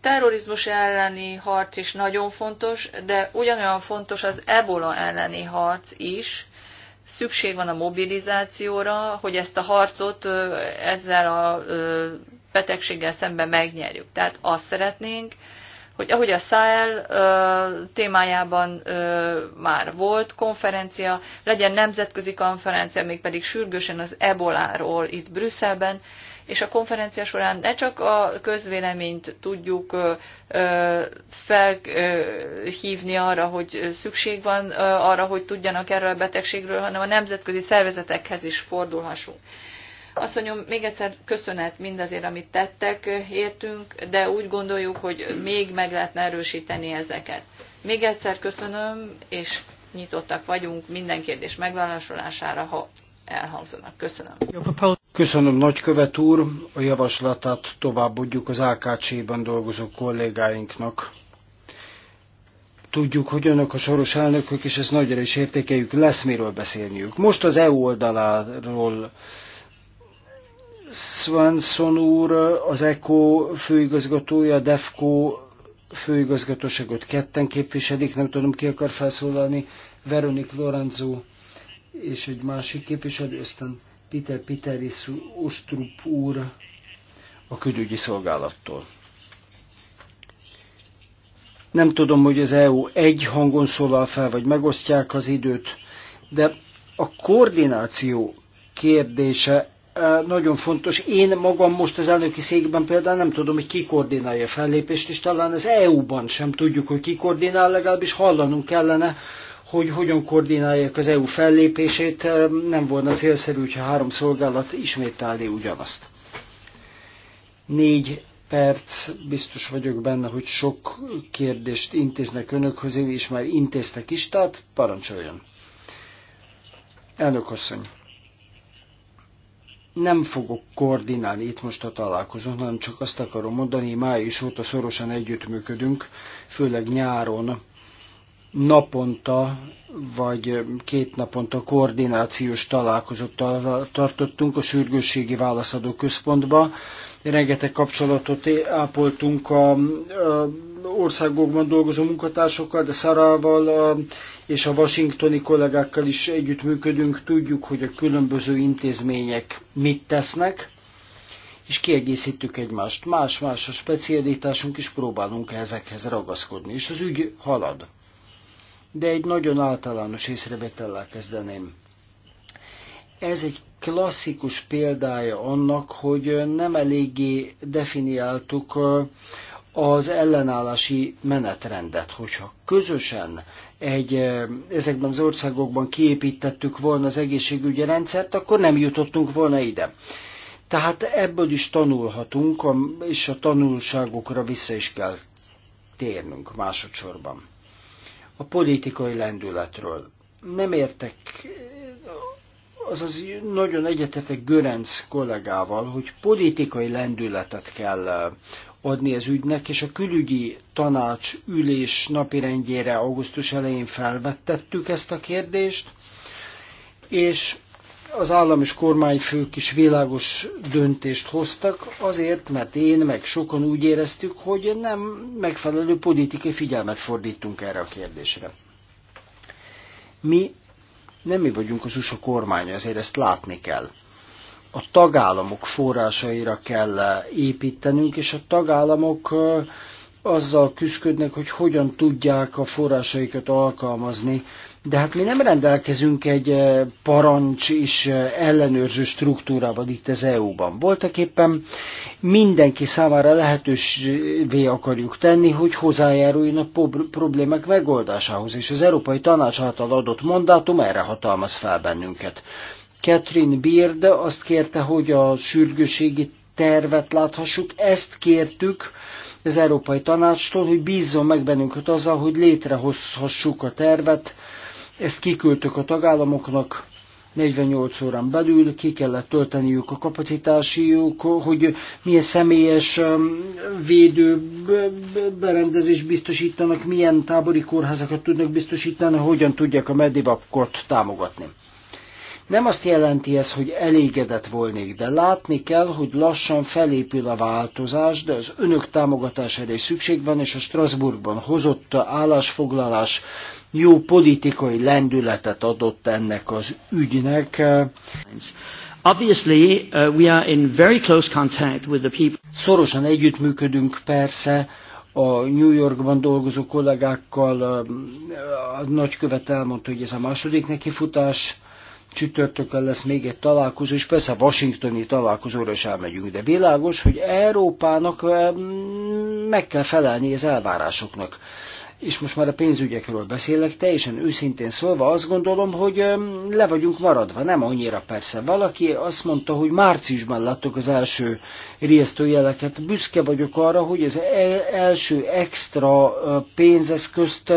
terrorizmus elleni harc is nagyon fontos, de ugyanolyan fontos az ebola elleni harc is. Szükség van a mobilizációra, hogy ezt a harcot ezzel a betegséggel szemben megnyerjük. Tehát azt szeretnénk, hogy ahogy a Sahel témájában már volt konferencia, legyen nemzetközi konferencia, mégpedig sürgősen az eboláról itt Brüsszelben, és a konferencia során ne csak a közvéleményt tudjuk felhívni arra, hogy szükség van arra, hogy tudjanak erről a betegségről, hanem a nemzetközi szervezetekhez is fordulhassunk. Asszonyom, még egyszer köszönet mindazért, amit tettek, eh, értünk, de úgy gondoljuk, hogy még meg lehetne erősíteni ezeket. Még egyszer köszönöm, és nyitottak vagyunk minden kérdés megválaszolására, ha elhangzanak. Köszönöm. Köszönöm, nagykövet úr. A javaslatát továbbodjuk az AKC-ben dolgozó kollégáinknak. Tudjuk, hogy önök a soros elnökök, és ezt nagyra is értékeljük, lesz miről beszélniük. Most az EU oldaláról Swanson úr, az ECO főigazgatója, a DEFCO főigazgatóságot ketten képviselik, nem tudom ki akar felszólalni, Veronik Lorenzo és egy másik képviselő, aztán Peter Piteris Ostrup úr a külügyi szolgálattól. Nem tudom, hogy az EU egy hangon szólal fel, vagy megosztják az időt, de a koordináció kérdése nagyon fontos. Én magam most az elnöki székben például nem tudom, hogy ki koordinálja a fellépést, és talán az EU-ban sem tudjuk, hogy ki koordinál, legalábbis hallanunk kellene, hogy hogyan koordinálják az EU fellépését, nem volna célszerű, hogyha három szolgálat ismételné ugyanazt. Négy perc, biztos vagyok benne, hogy sok kérdést intéznek önökhöz, és már intéztek is, tehát parancsoljon. Elnök asszony! nem fogok koordinálni itt most a találkozón, hanem csak azt akarom mondani, május óta szorosan együttműködünk, főleg nyáron naponta vagy két naponta koordinációs találkozót tartottunk a sürgősségi válaszadó központba. Rengeteg kapcsolatot ápoltunk a, a országokban dolgozó munkatársokkal, de Szarával, és a washingtoni kollégákkal is együttműködünk, tudjuk, hogy a különböző intézmények mit tesznek, és kiegészítjük egymást. Más-más a specialitásunk, és próbálunk ezekhez ragaszkodni, és az ügy halad. De egy nagyon általános észrevétellel kezdeném. Ez egy klasszikus példája annak, hogy nem eléggé definiáltuk az ellenállási menetrendet, hogyha közösen egy, ezekben az országokban kiépítettük volna az egészségügyi rendszert, akkor nem jutottunk volna ide. Tehát ebből is tanulhatunk, és a tanulságokra vissza is kell térnünk másodszorban. A politikai lendületről. Nem értek, azaz nagyon egyetetek Görenc kollégával, hogy politikai lendületet kell adni az ügynek, és a külügyi tanács ülés napirendjére augusztus elején felvettettük ezt a kérdést, és az állam és kormányfők is világos döntést hoztak, azért, mert én meg sokan úgy éreztük, hogy nem megfelelő politikai figyelmet fordítunk erre a kérdésre. Mi nem mi vagyunk az USA kormánya, ezért ezt látni kell a tagállamok forrásaira kell építenünk, és a tagállamok azzal küzdködnek, hogy hogyan tudják a forrásaikat alkalmazni. De hát mi nem rendelkezünk egy parancs és ellenőrző struktúrával itt az EU-ban. Voltak éppen mindenki számára lehetősvé akarjuk tenni, hogy hozzájáruljon a problémák megoldásához, és az Európai Tanács által adott mandátum erre hatalmaz fel bennünket. Catherine Beard azt kérte, hogy a sürgőségi tervet láthassuk. Ezt kértük az Európai Tanácstól, hogy bízzon meg bennünket azzal, hogy létrehozhassuk a tervet. Ezt kiküldtük a tagállamoknak, 48 órán belül ki kellett tölteniük a kapacitásiuk, hogy milyen személyes um, védő berendezést biztosítanak, milyen tábori kórházakat tudnak biztosítani, hogyan tudják a medivapkot támogatni. Nem azt jelenti ez, hogy elégedett volnék, de látni kell, hogy lassan felépül a változás, de az önök támogatására is szükség van, és a Strasbourgban hozott állásfoglalás jó politikai lendületet adott ennek az ügynek. Obviously, uh, we are in very close contact with the people. Szorosan együttműködünk persze a New Yorkban dolgozó kollégákkal. Um, a nagykövet elmondta, hogy ez a második nekifutás csütörtökön lesz még egy találkozó, és persze a washingtoni találkozóra is elmegyünk, de világos, hogy Európának meg kell felelni az elvárásoknak. És most már a pénzügyekről beszélek, teljesen őszintén szólva azt gondolom, hogy le vagyunk maradva, nem annyira persze. Valaki azt mondta, hogy márciusban láttuk az első jeleket. Büszke vagyok arra, hogy az e- első extra pénzeszközt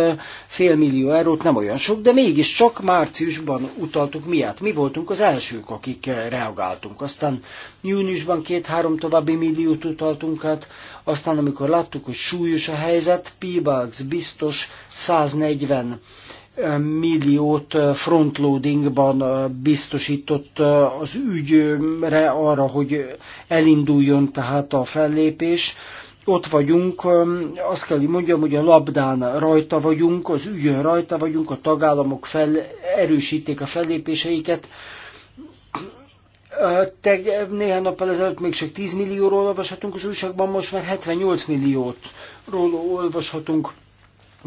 millió eurót nem olyan sok, de mégis csak márciusban utaltuk miatt. Mi voltunk az elsők, akik reagáltunk. Aztán júniusban két-három további milliót utaltunk át, aztán amikor láttuk, hogy súlyos a helyzet, Pibalx biztos 140 milliót frontloadingban biztosított az ügyre arra, hogy elinduljon tehát a fellépés. Ott vagyunk, azt kell, hogy mondjam, hogy a labdán rajta vagyunk, az ügyön rajta vagyunk, a tagállamok fel, erősíték a fellépéseiket. Te, néhány nappal ezelőtt még csak 10 millióról olvashatunk az újságban, most már 78 milliótról olvashatunk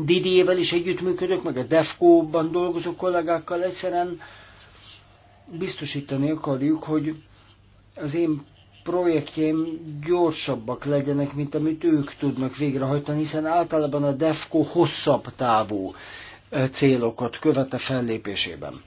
Didiervel is együttműködök, meg a DEFCO-ban dolgozó kollégákkal egyszerűen biztosítani akarjuk, hogy az én projektjeim gyorsabbak legyenek, mint amit ők tudnak végrehajtani, hiszen általában a DEFCO hosszabb távú célokat követ a fellépésében.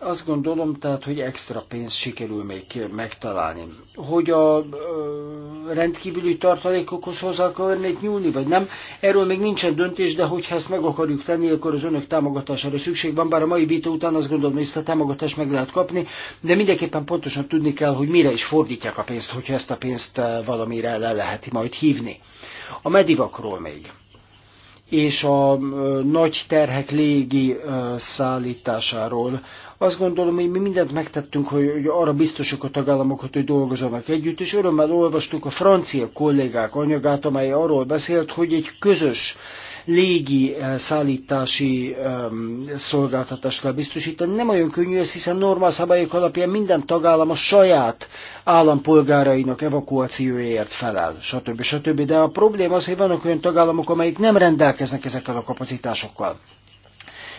Azt gondolom tehát, hogy extra pénzt sikerül még megtalálni. Hogy a ö, rendkívüli tartalékokhoz hozzá akarnék nyúlni, vagy nem, erről még nincsen döntés, de hogyha ezt meg akarjuk tenni, akkor az önök támogatására szükség van, bár a mai vita után azt gondolom, hogy ezt a támogatást meg lehet kapni, de mindenképpen pontosan tudni kell, hogy mire is fordítják a pénzt, hogyha ezt a pénzt valamire le lehet majd hívni. A medivakról még és a nagy terhek légi szállításáról, azt gondolom, hogy mi mindent megtettünk, hogy, hogy arra biztosok a tagállamokat, hogy dolgozzanak együtt, és örömmel olvastuk a francia kollégák anyagát, amely arról beszélt, hogy egy közös légi eh, szállítási um, szolgáltatást kell biztosítani. Nem olyan könnyű ez, hiszen normál szabályok alapján minden tagállam a saját állampolgárainak evakuációjáért felel, stb. stb. De a probléma az, hogy vannak olyan tagállamok, amelyik nem rendelkeznek ezekkel a kapacitásokkal.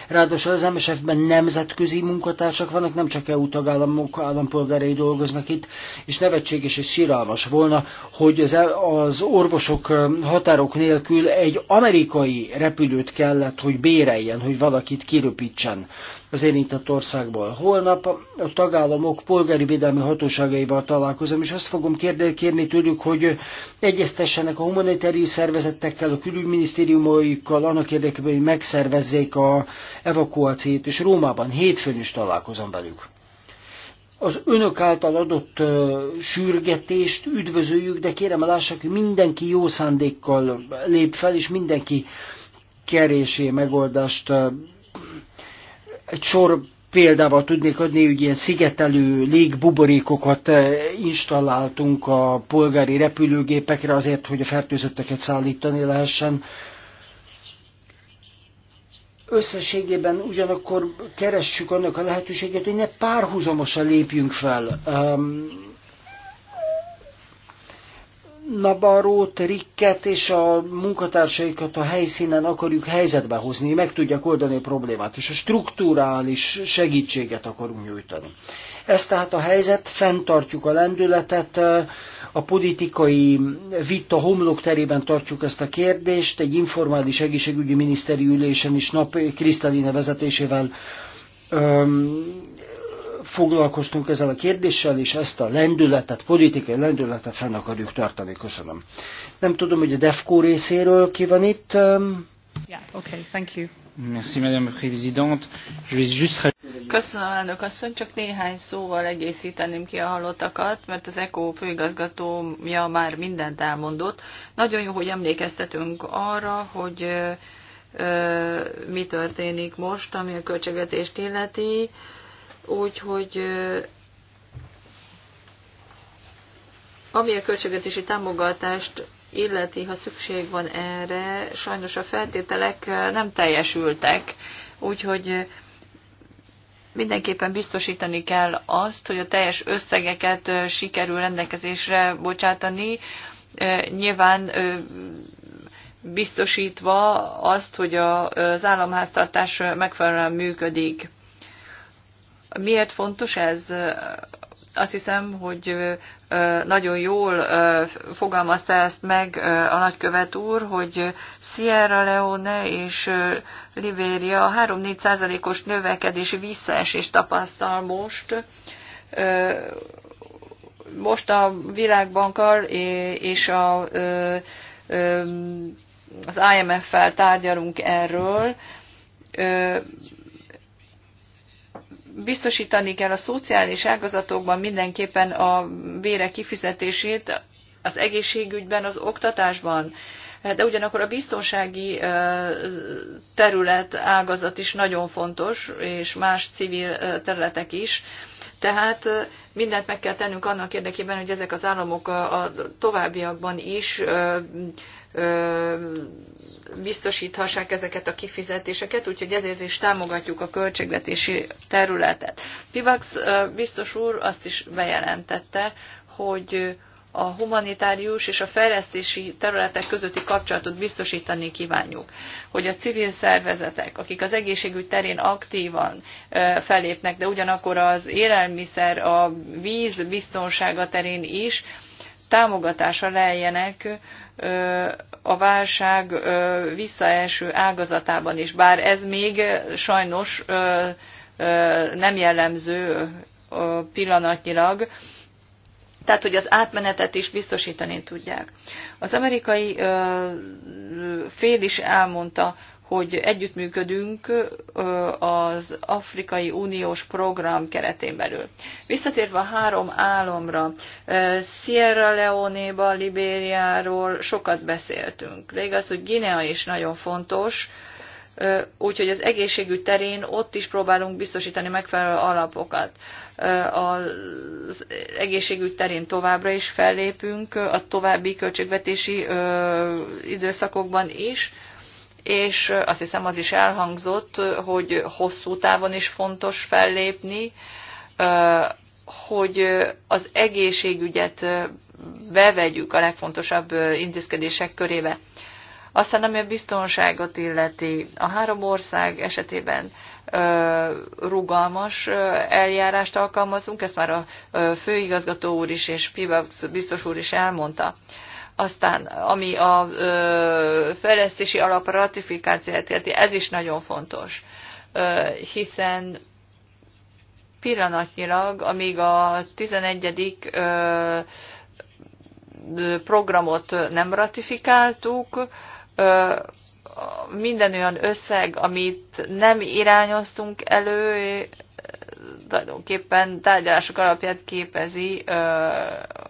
Ráadásul az MSF-ben nemzetközi munkatársak vannak, nem csak EU tagállamok állampolgárai dolgoznak itt, és nevetséges és síralmas volna, hogy az, e- az orvosok határok nélkül egy amerikai repülőt kellett, hogy béreljen, hogy valakit kiröpítsen az érintett országból. Holnap a tagállamok polgári védelmi hatóságaival találkozom, és azt fogom kérni tőlük, hogy egyeztessenek a humanitárius szervezetekkel, a külügyminisztériumokkal, annak érdekében, hogy megszervezzék a evakuációt, és Rómában hétfőn is találkozom velük az önök által adott uh, sürgetést üdvözöljük, de kérem lássák, hogy mindenki jó szándékkal lép fel, és mindenki kerésé megoldást uh, egy sor példával tudnék adni, hogy ilyen szigetelő légbuborékokat eh, installáltunk a polgári repülőgépekre azért, hogy a fertőzötteket szállítani lehessen. Összességében ugyanakkor keressük annak a lehetőséget, hogy ne párhuzamosan lépjünk fel. Um, Nabarót, Rikket és a munkatársaikat a helyszínen akarjuk helyzetbe hozni, meg tudják oldani a problémát, és a strukturális segítséget akarunk nyújtani. Ez tehát a helyzet, fenntartjuk a lendületet, a politikai vita homlok terében tartjuk ezt a kérdést, egy informális egészségügyi miniszteri ülésen is nap Krisztalina vezetésével foglalkoztunk ezzel a kérdéssel, és ezt a lendületet, politikai lendületet fenn akarjuk tartani. Köszönöm. Nem tudom, hogy a DEFCO részéről ki van itt. Um, yeah, okay, thank you. Merci, Madame Présidente. Je vais juste... Köszönöm, elnök asszony, csak néhány szóval egészíteném ki a hallottakat, mert az ECO főigazgatója már mindent elmondott. Nagyon jó, hogy emlékeztetünk arra, hogy mi történik most, ami a költségetést illeti úgy, hogy ami a költségvetési támogatást illeti, ha szükség van erre, sajnos a feltételek nem teljesültek, úgyhogy mindenképpen biztosítani kell azt, hogy a teljes összegeket sikerül rendelkezésre bocsátani, nyilván biztosítva azt, hogy az államháztartás megfelelően működik. Miért fontos ez? Azt hiszem, hogy nagyon jól fogalmazta ezt meg a nagykövet úr, hogy Sierra Leone és Liberia 3-4 százalékos növekedési visszaesés tapasztal most. Most a Világbankkal és a, az IMF-fel tárgyalunk erről biztosítani kell a szociális ágazatokban mindenképpen a vére kifizetését, az egészségügyben, az oktatásban, de ugyanakkor a biztonsági terület ágazat is nagyon fontos, és más civil területek is. Tehát mindent meg kell tennünk annak érdekében, hogy ezek az államok a továbbiakban is biztosíthassák ezeket a kifizetéseket, úgyhogy ezért is támogatjuk a költségvetési területet. Pivax biztos úr azt is bejelentette, hogy a humanitárius és a fejlesztési területek közötti kapcsolatot biztosítani kívánjuk, hogy a civil szervezetek, akik az egészségügy terén aktívan felépnek, de ugyanakkor az élelmiszer, a víz biztonsága terén is támogatásra leljenek a válság visszaeső ágazatában is, bár ez még sajnos nem jellemző pillanatnyilag, tehát hogy az átmenetet is biztosítani tudják. Az amerikai fél is elmondta, hogy együttműködünk az Afrikai Uniós program keretén belül. Visszatérve a három államra, Sierra Leone-ba, Libériáról sokat beszéltünk. De igaz, hogy Guinea is nagyon fontos, úgyhogy az egészségügy terén ott is próbálunk biztosítani megfelelő alapokat. Az egészségügy terén továbbra is fellépünk, a további költségvetési időszakokban is, és azt hiszem az is elhangzott, hogy hosszú távon is fontos fellépni, hogy az egészségügyet bevegyük a legfontosabb intézkedések körébe. Aztán ami a biztonságot illeti, a három ország esetében rugalmas eljárást alkalmazunk, ezt már a főigazgató úr is és Pivax biztos úr is elmondta. Aztán, ami a ö, fejlesztési alap ratifikációját illeti, ez is nagyon fontos, ö, hiszen pillanatnyilag, amíg a 11. Ö, programot nem ratifikáltuk, ö, minden olyan összeg, amit nem irányoztunk elő, tulajdonképpen tárgyalások alapját képezi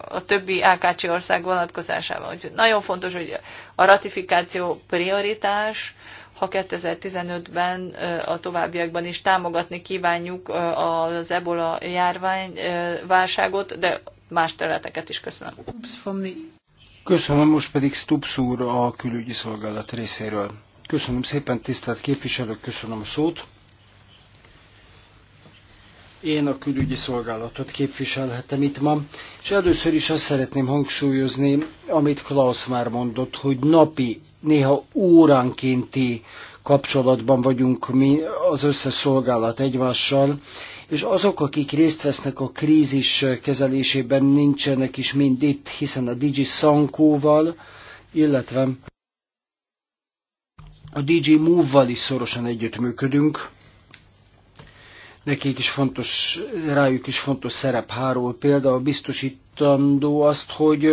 a többi AKC ország vonatkozásában. Úgyhogy nagyon fontos, hogy a ratifikáció prioritás, ha 2015-ben a továbbiakban is támogatni kívánjuk az ebola járvány válságot, de más területeket is köszönöm. Köszönöm, most pedig Stubbs úr a külügyi szolgálat részéről. Köszönöm szépen, tisztelt képviselők, köszönöm a szót. Én a külügyi szolgálatot képviselhetem itt ma, és először is azt szeretném hangsúlyozni, amit Klaus már mondott, hogy napi, néha óránkénti kapcsolatban vagyunk mi az összes szolgálat egymással, és azok, akik részt vesznek a krízis kezelésében, nincsenek is mind itt, hiszen a Digi Sankóval, illetve a Digi Move-val is szorosan együttműködünk, nekik is fontos, rájuk is fontos szerep hárul. Például biztosítandó azt, hogy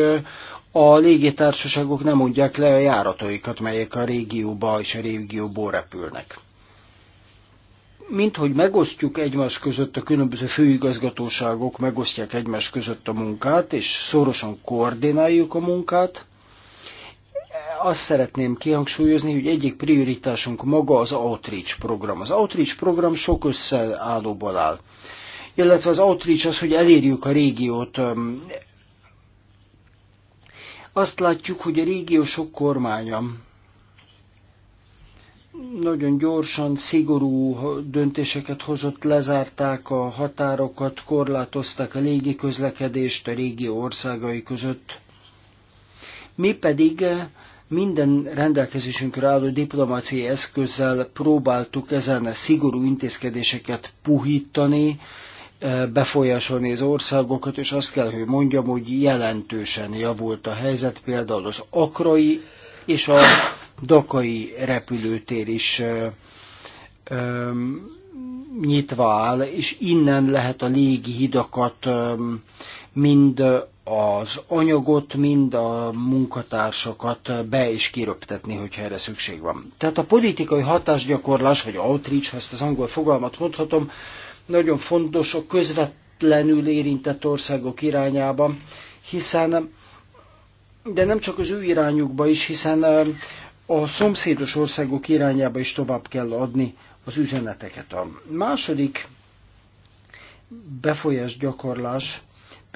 a légitársaságok nem mondják le a járataikat, melyek a régióba és a régióból repülnek. Mint hogy megosztjuk egymás között a különböző főigazgatóságok, megosztják egymás között a munkát, és szorosan koordináljuk a munkát, azt szeretném kihangsúlyozni, hogy egyik prioritásunk maga az Outreach program. Az Outreach program sok összeállóból áll. Illetve az Outreach az, hogy elérjük a régiót. Azt látjuk, hogy a régió sok kormánya nagyon gyorsan, szigorú döntéseket hozott, lezárták a határokat, korlátozták a légiközlekedést a régió országai között. Mi pedig minden rendelkezésünkre álló diplomáciai eszközzel próbáltuk ezen a szigorú intézkedéseket puhítani, eh, befolyásolni az országokat, és azt kell, hogy mondjam, hogy jelentősen javult a helyzet, például az akrai és a dakai repülőtér is eh, nyitva áll, és innen lehet a légi hidakat mind az anyagot, mind a munkatársakat be is kiröptetni, hogyha erre szükség van. Tehát a politikai hatásgyakorlás, vagy outreach, ha ezt az angol fogalmat mondhatom, nagyon fontos a közvetlenül érintett országok irányába, hiszen, de nem csak az ő irányukba is, hiszen a szomszédos országok irányába is tovább kell adni az üzeneteket. A második befolyás gyakorlás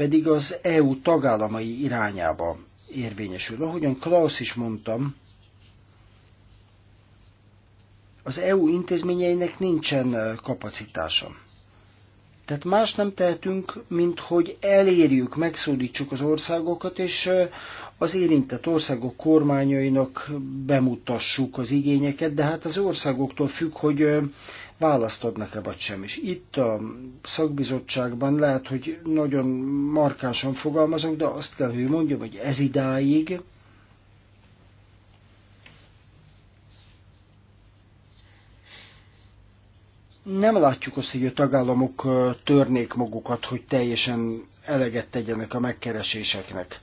pedig az EU tagállamai irányába érvényesül. Ahogyan Klaus is mondtam, az EU intézményeinek nincsen kapacitása. Tehát más nem tehetünk, mint hogy elérjük, megszólítsuk az országokat, és az érintett országok kormányainak bemutassuk az igényeket, de hát az országoktól függ, hogy választ adnak-e vagy sem. És itt a szakbizottságban lehet, hogy nagyon markánsan fogalmazunk, de azt kell, hogy mondjam, hogy ez idáig nem látjuk azt, hogy a tagállamok törnék magukat, hogy teljesen eleget tegyenek a megkereséseknek.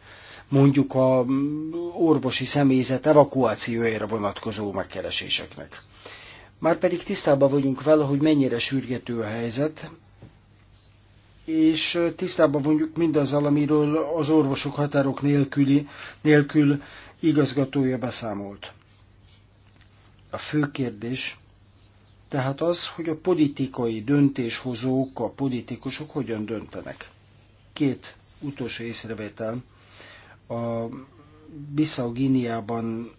Mondjuk a mm, orvosi személyzet evakuációjára vonatkozó megkereséseknek. Márpedig tisztában vagyunk vele, hogy mennyire sürgető a helyzet, és tisztában vagyunk mindazzal, amiről az orvosok határok nélküli, nélkül igazgatója beszámolt. A fő kérdés tehát az, hogy a politikai döntéshozók, a politikusok hogyan döntenek. Két utolsó észrevétel. A Bissau Giniában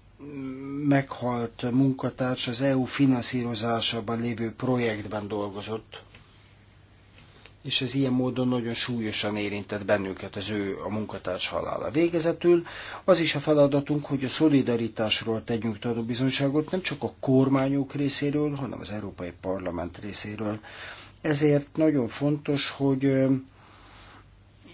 meghalt munkatárs az EU finanszírozásában lévő projektben dolgozott, és ez ilyen módon nagyon súlyosan érintett bennünket az ő a munkatárs halála. Végezetül az is a feladatunk, hogy a szolidaritásról tegyünk bizonyságot nem csak a kormányok részéről, hanem az Európai Parlament részéről. Ezért nagyon fontos, hogy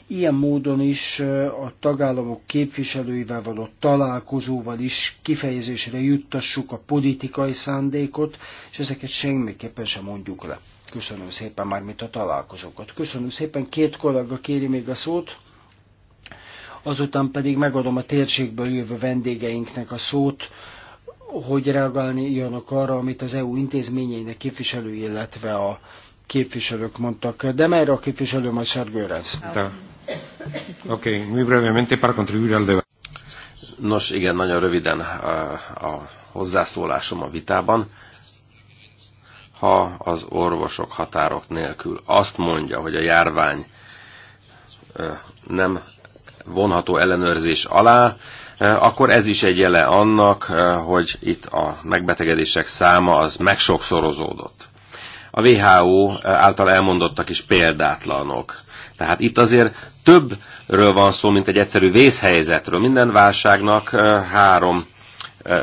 Ilyen módon is a tagállamok képviselőivel való találkozóval is kifejezésre juttassuk a politikai szándékot, és ezeket semmiképpen sem mondjuk le. Köszönöm szépen már, mint a találkozókat. Köszönöm szépen, két kollega kéri még a szót, azután pedig megadom a térségből jövő vendégeinknek a szót, hogy reagálni jönnek arra, amit az EU intézményeinek képviselői, illetve a képviselők mondtak, de melyre a képviselő majd Sárgőrenc? Oké, okay, muy brevemente para contribuir al debate. Nos, igen, nagyon röviden a, a hozzászólásom a vitában. Ha az orvosok határok nélkül azt mondja, hogy a járvány nem vonható ellenőrzés alá, akkor ez is egy jele annak, hogy itt a megbetegedések száma az megsokszorozódott a WHO által elmondottak is példátlanok. Tehát itt azért többről van szó, mint egy egyszerű vészhelyzetről. Minden válságnak három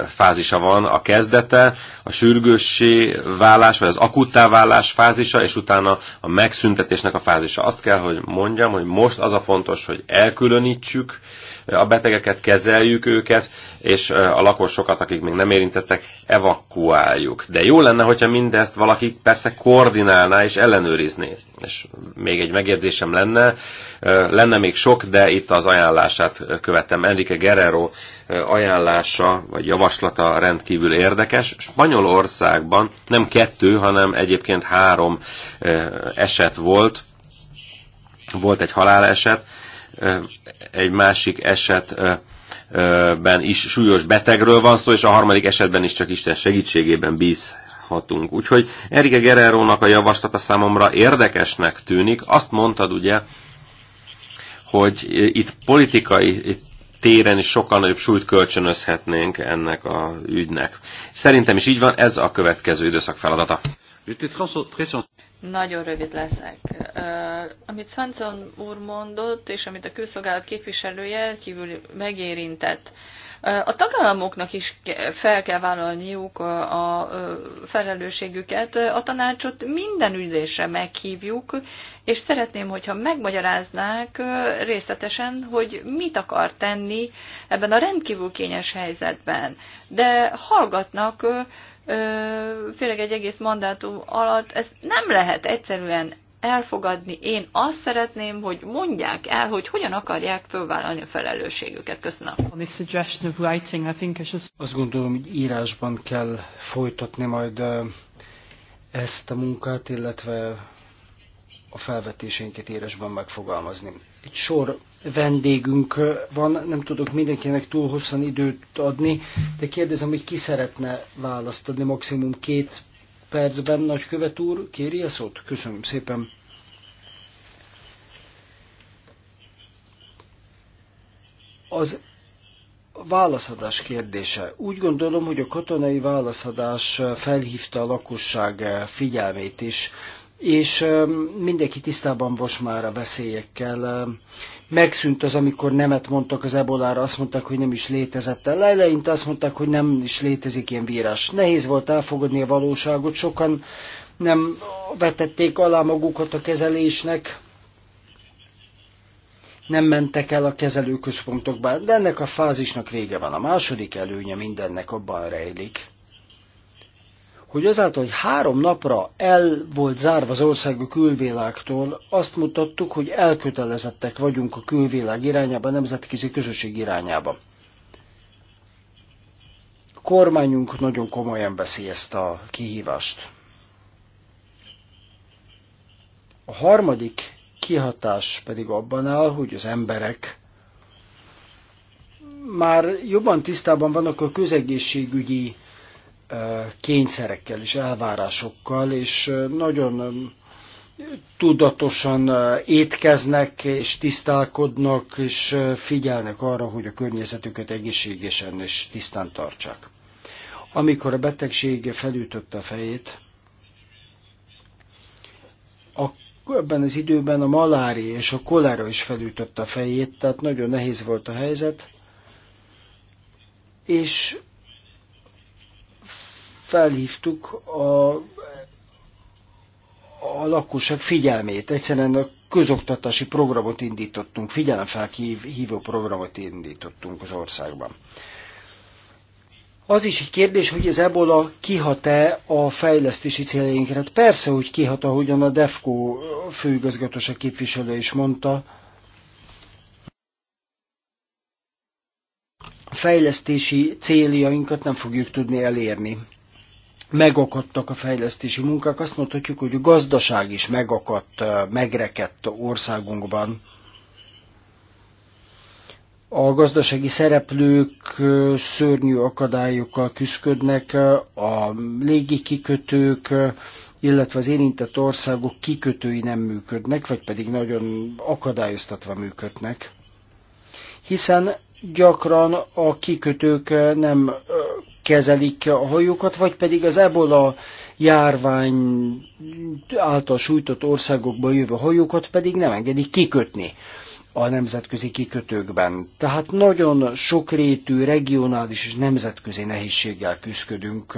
fázisa van, a kezdete, a sürgőssé válás, vagy az akuttá válás fázisa, és utána a megszüntetésnek a fázisa. Azt kell, hogy mondjam, hogy most az a fontos, hogy elkülönítsük a betegeket, kezeljük őket, és a lakosokat, akik még nem érintettek, evakuáljuk. De jó lenne, hogyha mindezt valaki persze koordinálná és ellenőrizné. És még egy megjegyzésem lenne, lenne még sok, de itt az ajánlását követtem. Enrique Guerrero ajánlása vagy javaslata rendkívül érdekes. Spanyolországban nem kettő, hanem egyébként három eset volt, volt egy haláleset, egy másik esetben is súlyos betegről van szó, és a harmadik esetben is csak Isten segítségében bízhatunk. Úgyhogy Erike Gererónak a javaslata számomra érdekesnek tűnik. Azt mondtad ugye, hogy itt politikai itt téren is sokkal nagyobb súlyt kölcsönözhetnénk ennek a ügynek. Szerintem is így van, ez a következő időszak feladata. Nagyon rövid leszek. Amit Swanson úr mondott, és amit a külszolgálat képviselője kívül megérintett, a tagállamoknak is fel kell vállalniuk a felelősségüket. A tanácsot minden ülésre meghívjuk, és szeretném, hogyha megmagyaráznák részletesen, hogy mit akar tenni ebben a rendkívül kényes helyzetben. De hallgatnak főleg egy egész mandátum alatt, ezt nem lehet egyszerűen elfogadni. Én azt szeretném, hogy mondják el, hogy hogyan akarják fölvállalni a felelősségüket. Köszönöm. Azt gondolom, hogy írásban kell folytatni majd ezt a munkát, illetve a felvetésénket írásban megfogalmazni. Egy sor vendégünk van, nem tudok mindenkinek túl hosszan időt adni, de kérdezem, hogy ki szeretne választ adni maximum két percben, nagykövet úr, kéri a szót? Köszönöm szépen. Az válaszadás kérdése. Úgy gondolom, hogy a katonai válaszadás felhívta a lakosság figyelmét is és mindenki tisztában most már a veszélyekkel. Megszűnt az, amikor nemet mondtak az ebolára, azt mondták, hogy nem is létezett. El eleinte azt mondták, hogy nem is létezik ilyen vírás. Nehéz volt elfogadni a valóságot, sokan nem vetették alá magukat a kezelésnek, nem mentek el a kezelőközpontokba, de ennek a fázisnak vége van. A második előnye mindennek abban rejlik, hogy azáltal, hogy három napra el volt zárva az ország a külvilágtól, azt mutattuk, hogy elkötelezettek vagyunk a külvilág irányába, a nemzetközi közösség irányába. A kormányunk nagyon komolyan veszi ezt a kihívást. A harmadik kihatás pedig abban áll, hogy az emberek már jobban tisztában vannak a közegészségügyi kényszerekkel és elvárásokkal, és nagyon tudatosan étkeznek és tisztálkodnak, és figyelnek arra, hogy a környezetüket egészségesen és tisztán tartsák. Amikor a betegség felütötte a fejét, a, ebben az időben a malári és a kolera is felütötte a fejét, tehát nagyon nehéz volt a helyzet, és felhívtuk a, a lakosság figyelmét. Egyszerűen a közoktatási programot indítottunk, figyelemfelhívó programot indítottunk az országban. Az is egy kérdés, hogy az ebola kihat-e a fejlesztési céljainkra. Hát persze, hogy kihat, ahogyan a DEFCO főigazgatóság képviselő is mondta. A fejlesztési céljainkat nem fogjuk tudni elérni megakadtak a fejlesztési munkák, azt mondhatjuk, hogy a gazdaság is megakadt, eh, megrekedt országunkban. A gazdasági szereplők eh, szörnyű akadályokkal küzdködnek, eh, a légi kikötők, illetve az érintett országok kikötői nem működnek, vagy pedig nagyon akadályoztatva működnek. Hiszen gyakran a kikötők nem kezelik a hajókat, vagy pedig az ebola járvány által sújtott országokból jövő hajókat pedig nem engedik kikötni a nemzetközi kikötőkben. Tehát nagyon sokrétű, regionális és nemzetközi nehézséggel küzdködünk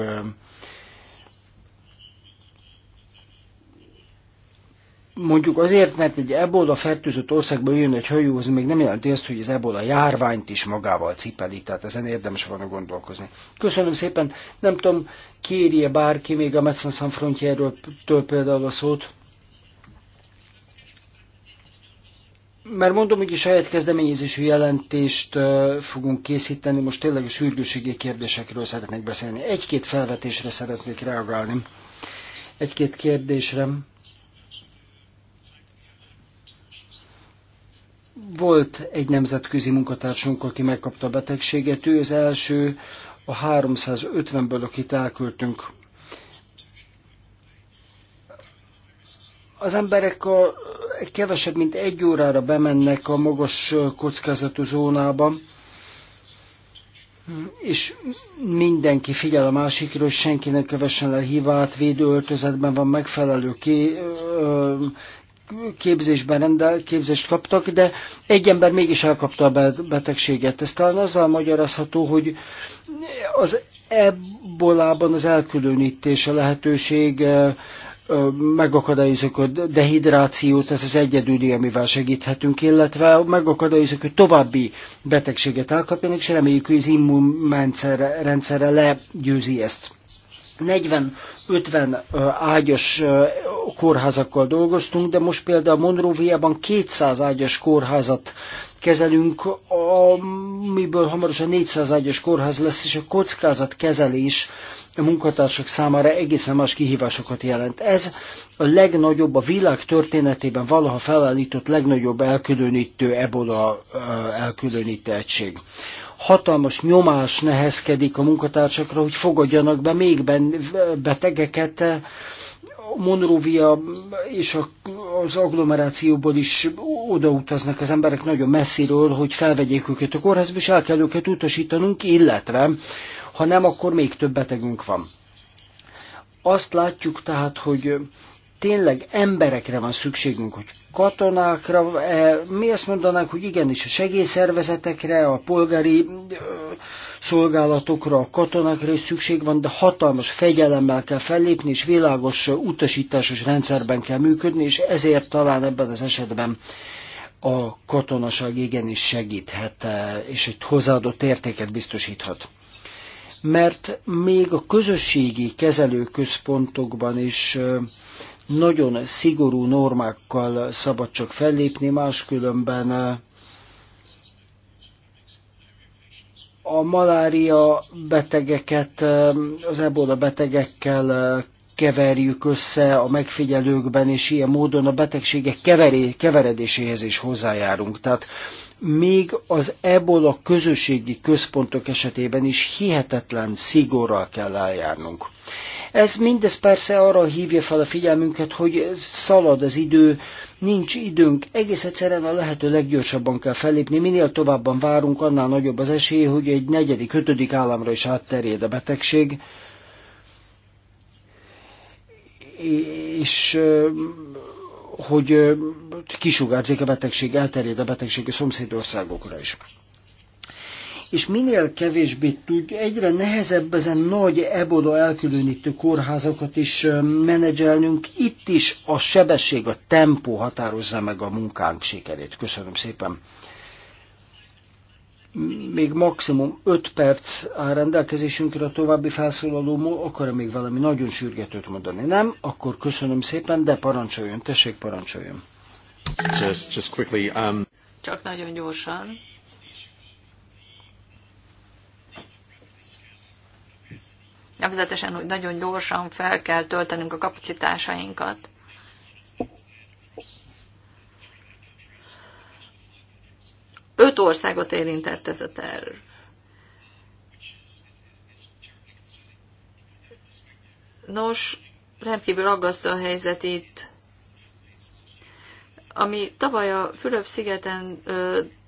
mondjuk azért, mert egy ebola fertőzött országba jön egy hajó, az még nem jelenti azt, hogy az ebola járványt is magával cipeli, tehát ezen érdemes volna gondolkozni. Köszönöm szépen, nem tudom, kéri-e bárki még a Medicine San Frontierről től például a szót? Mert mondom, hogy saját kezdeményezésű jelentést fogunk készíteni, most tényleg a sürgőségi kérdésekről szeretnék beszélni. Egy-két felvetésre szeretnék reagálni. Egy-két kérdésre Volt egy nemzetközi munkatársunk, aki megkapta a betegséget, ő az első a 350-ből, akit elküldtünk. Az emberek a, kevesebb, mint egy órára bemennek a magas kockázatú zónába, és mindenki figyel a másikra, hogy senkinek kövessen le hívát, védőöltözetben van megfelelő ki, ö, képzésben rendel, képzést kaptak, de egy ember mégis elkapta a betegséget. Ez talán azzal magyarázható, hogy az ebolában az elkülönítés a lehetőség megakadályozok a dehidrációt, ez az egyedüli, amivel segíthetünk, illetve megakadályozok, hogy további betegséget elkapjanak, és reméljük, hogy az immunrendszerre legyőzi ezt. 40-50 ágyas kórházakkal dolgoztunk, de most például Monróviában 200 ágyas kórházat kezelünk, amiből hamarosan 400 ágyas kórház lesz, és a kezelés a munkatársak számára egészen más kihívásokat jelent. Ez a legnagyobb, a világ történetében valaha felállított legnagyobb elkülönítő ebola elkülönítő egység hatalmas nyomás nehezkedik a munkatársakra, hogy fogadjanak be még betegeket. Monrovia és az agglomerációból is odautaznak az emberek nagyon messziről, hogy felvegyék őket a kórházba, és el kell őket utasítanunk, illetve ha nem, akkor még több betegünk van. Azt látjuk tehát, hogy tényleg emberekre van szükségünk, hogy katonákra, eh, mi azt mondanánk, hogy igenis a segélyszervezetekre, a polgári eh, szolgálatokra, a katonákra is szükség van, de hatalmas fegyelemmel kell fellépni, és világos eh, utasításos rendszerben kell működni, és ezért talán ebben az esetben a katonaság igenis segíthet, és egy hozzáadott értéket biztosíthat. Mert még a közösségi kezelőközpontokban is nagyon szigorú normákkal szabad csak fellépni, máskülönben eh, a malária betegeket eh, az ebola betegekkel eh, keverjük össze a megfigyelőkben, és ilyen módon a betegségek keveré, keveredéséhez is hozzájárunk. Tehát még az ebola közösségi központok esetében is hihetetlen szigorral kell eljárnunk. Ez mindez persze arra hívja fel a figyelmünket, hogy szalad az idő, nincs időnk, egész egyszerűen a lehető leggyorsabban kell fellépni, minél továbban várunk, annál nagyobb az esély, hogy egy negyedik, ötödik államra is átterjed a betegség. És hogy kisugárzik a betegség, elterjed a betegség a szomszédországokra is és minél kevésbé tud, egyre nehezebb ezen nagy eboda elkülönítő kórházakat is menedzselnünk. Itt is a sebesség, a tempó határozza meg a munkánk sikerét. Köszönöm szépen. Még maximum 5 perc áll rendelkezésünkre a további felszólaló, akar -e még valami nagyon sürgetőt mondani? Nem? Akkor köszönöm szépen, de parancsoljon, tessék parancsoljon. Just, just quickly, um... Csak nagyon gyorsan nevezetesen, hogy nagyon gyorsan fel kell töltenünk a kapacitásainkat. Öt országot érintett ez a terv. Nos, rendkívül aggasztó a helyzet itt. Ami tavaly a Fülöp-szigeten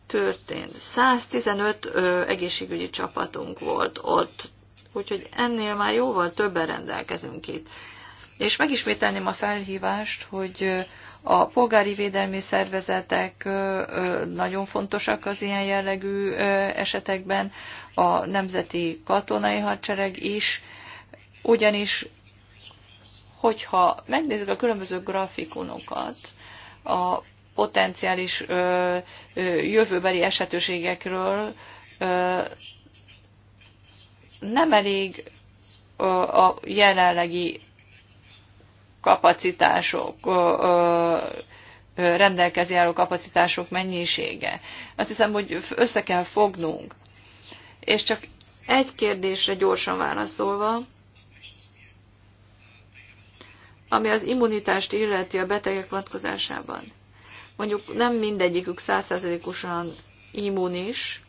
történt, 115 ö, egészségügyi csapatunk volt ott, úgyhogy ennél már jóval többen rendelkezünk itt. És megismételném a felhívást, hogy a polgári védelmi szervezetek nagyon fontosak az ilyen jellegű esetekben, a nemzeti katonai hadsereg is, ugyanis, hogyha megnézzük a különböző grafikonokat, a potenciális jövőbeli esetőségekről, nem elég a jelenlegi kapacitások, rendelkező álló kapacitások mennyisége. Azt hiszem, hogy össze kell fognunk. És csak egy kérdésre gyorsan válaszolva, ami az immunitást illeti a betegek vonatkozásában. Mondjuk nem mindegyikük százszerzelékosan immunis,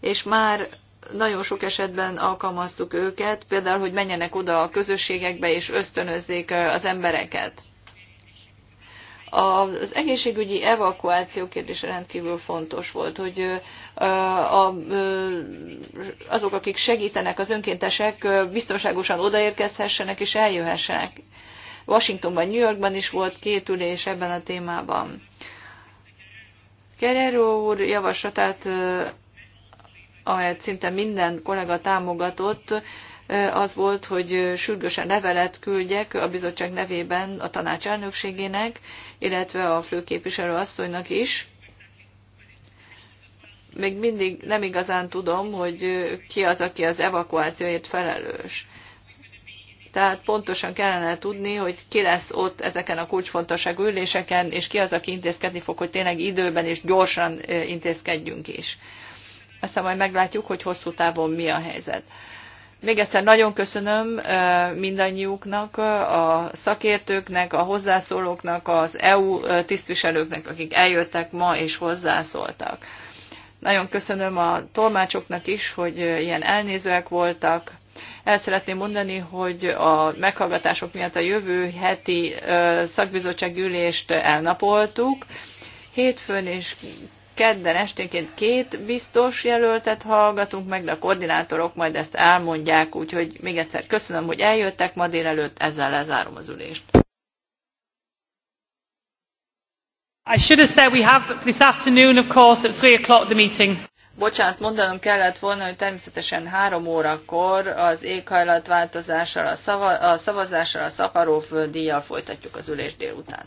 és már nagyon sok esetben alkalmaztuk őket, például, hogy menjenek oda a közösségekbe és ösztönözzék az embereket. Az egészségügyi evakuáció kérdése rendkívül fontos volt, hogy azok, akik segítenek, az önkéntesek biztonságosan odaérkezhessenek és eljöhessenek. Washingtonban, New Yorkban is volt két ülés ebben a témában. Guerrero úr javaslatát amelyet szinte minden kollega támogatott, az volt, hogy sürgősen levelet küldjek a bizottság nevében a tanács elnökségének, illetve a főképviselő asszonynak is. Még mindig nem igazán tudom, hogy ki az, aki az evakuációért felelős. Tehát pontosan kellene tudni, hogy ki lesz ott ezeken a kulcsfontosságú üléseken, és ki az, aki intézkedni fog, hogy tényleg időben és gyorsan intézkedjünk is aztán majd meglátjuk, hogy hosszú távon mi a helyzet. Még egyszer nagyon köszönöm mindannyiuknak, a szakértőknek, a hozzászólóknak, az EU tisztviselőknek, akik eljöttek ma és hozzászóltak. Nagyon köszönöm a tolmácsoknak is, hogy ilyen elnézőek voltak. El szeretném mondani, hogy a meghallgatások miatt a jövő heti szakbizottságülést elnapoltuk. Hétfőn és kedden esténként két biztos jelöltet hallgatunk meg, de a koordinátorok majd ezt elmondják, úgyhogy még egyszer köszönöm, hogy eljöttek ma délelőtt, ezzel lezárom az ülést. I should have said we have this afternoon, of course, at three o'clock the meeting. Bocsánat, mondanom kellett volna, hogy természetesen három órakor az éghajlatváltozással, a, szava, a szavazással, a Szakarov folytatjuk az ülés délután.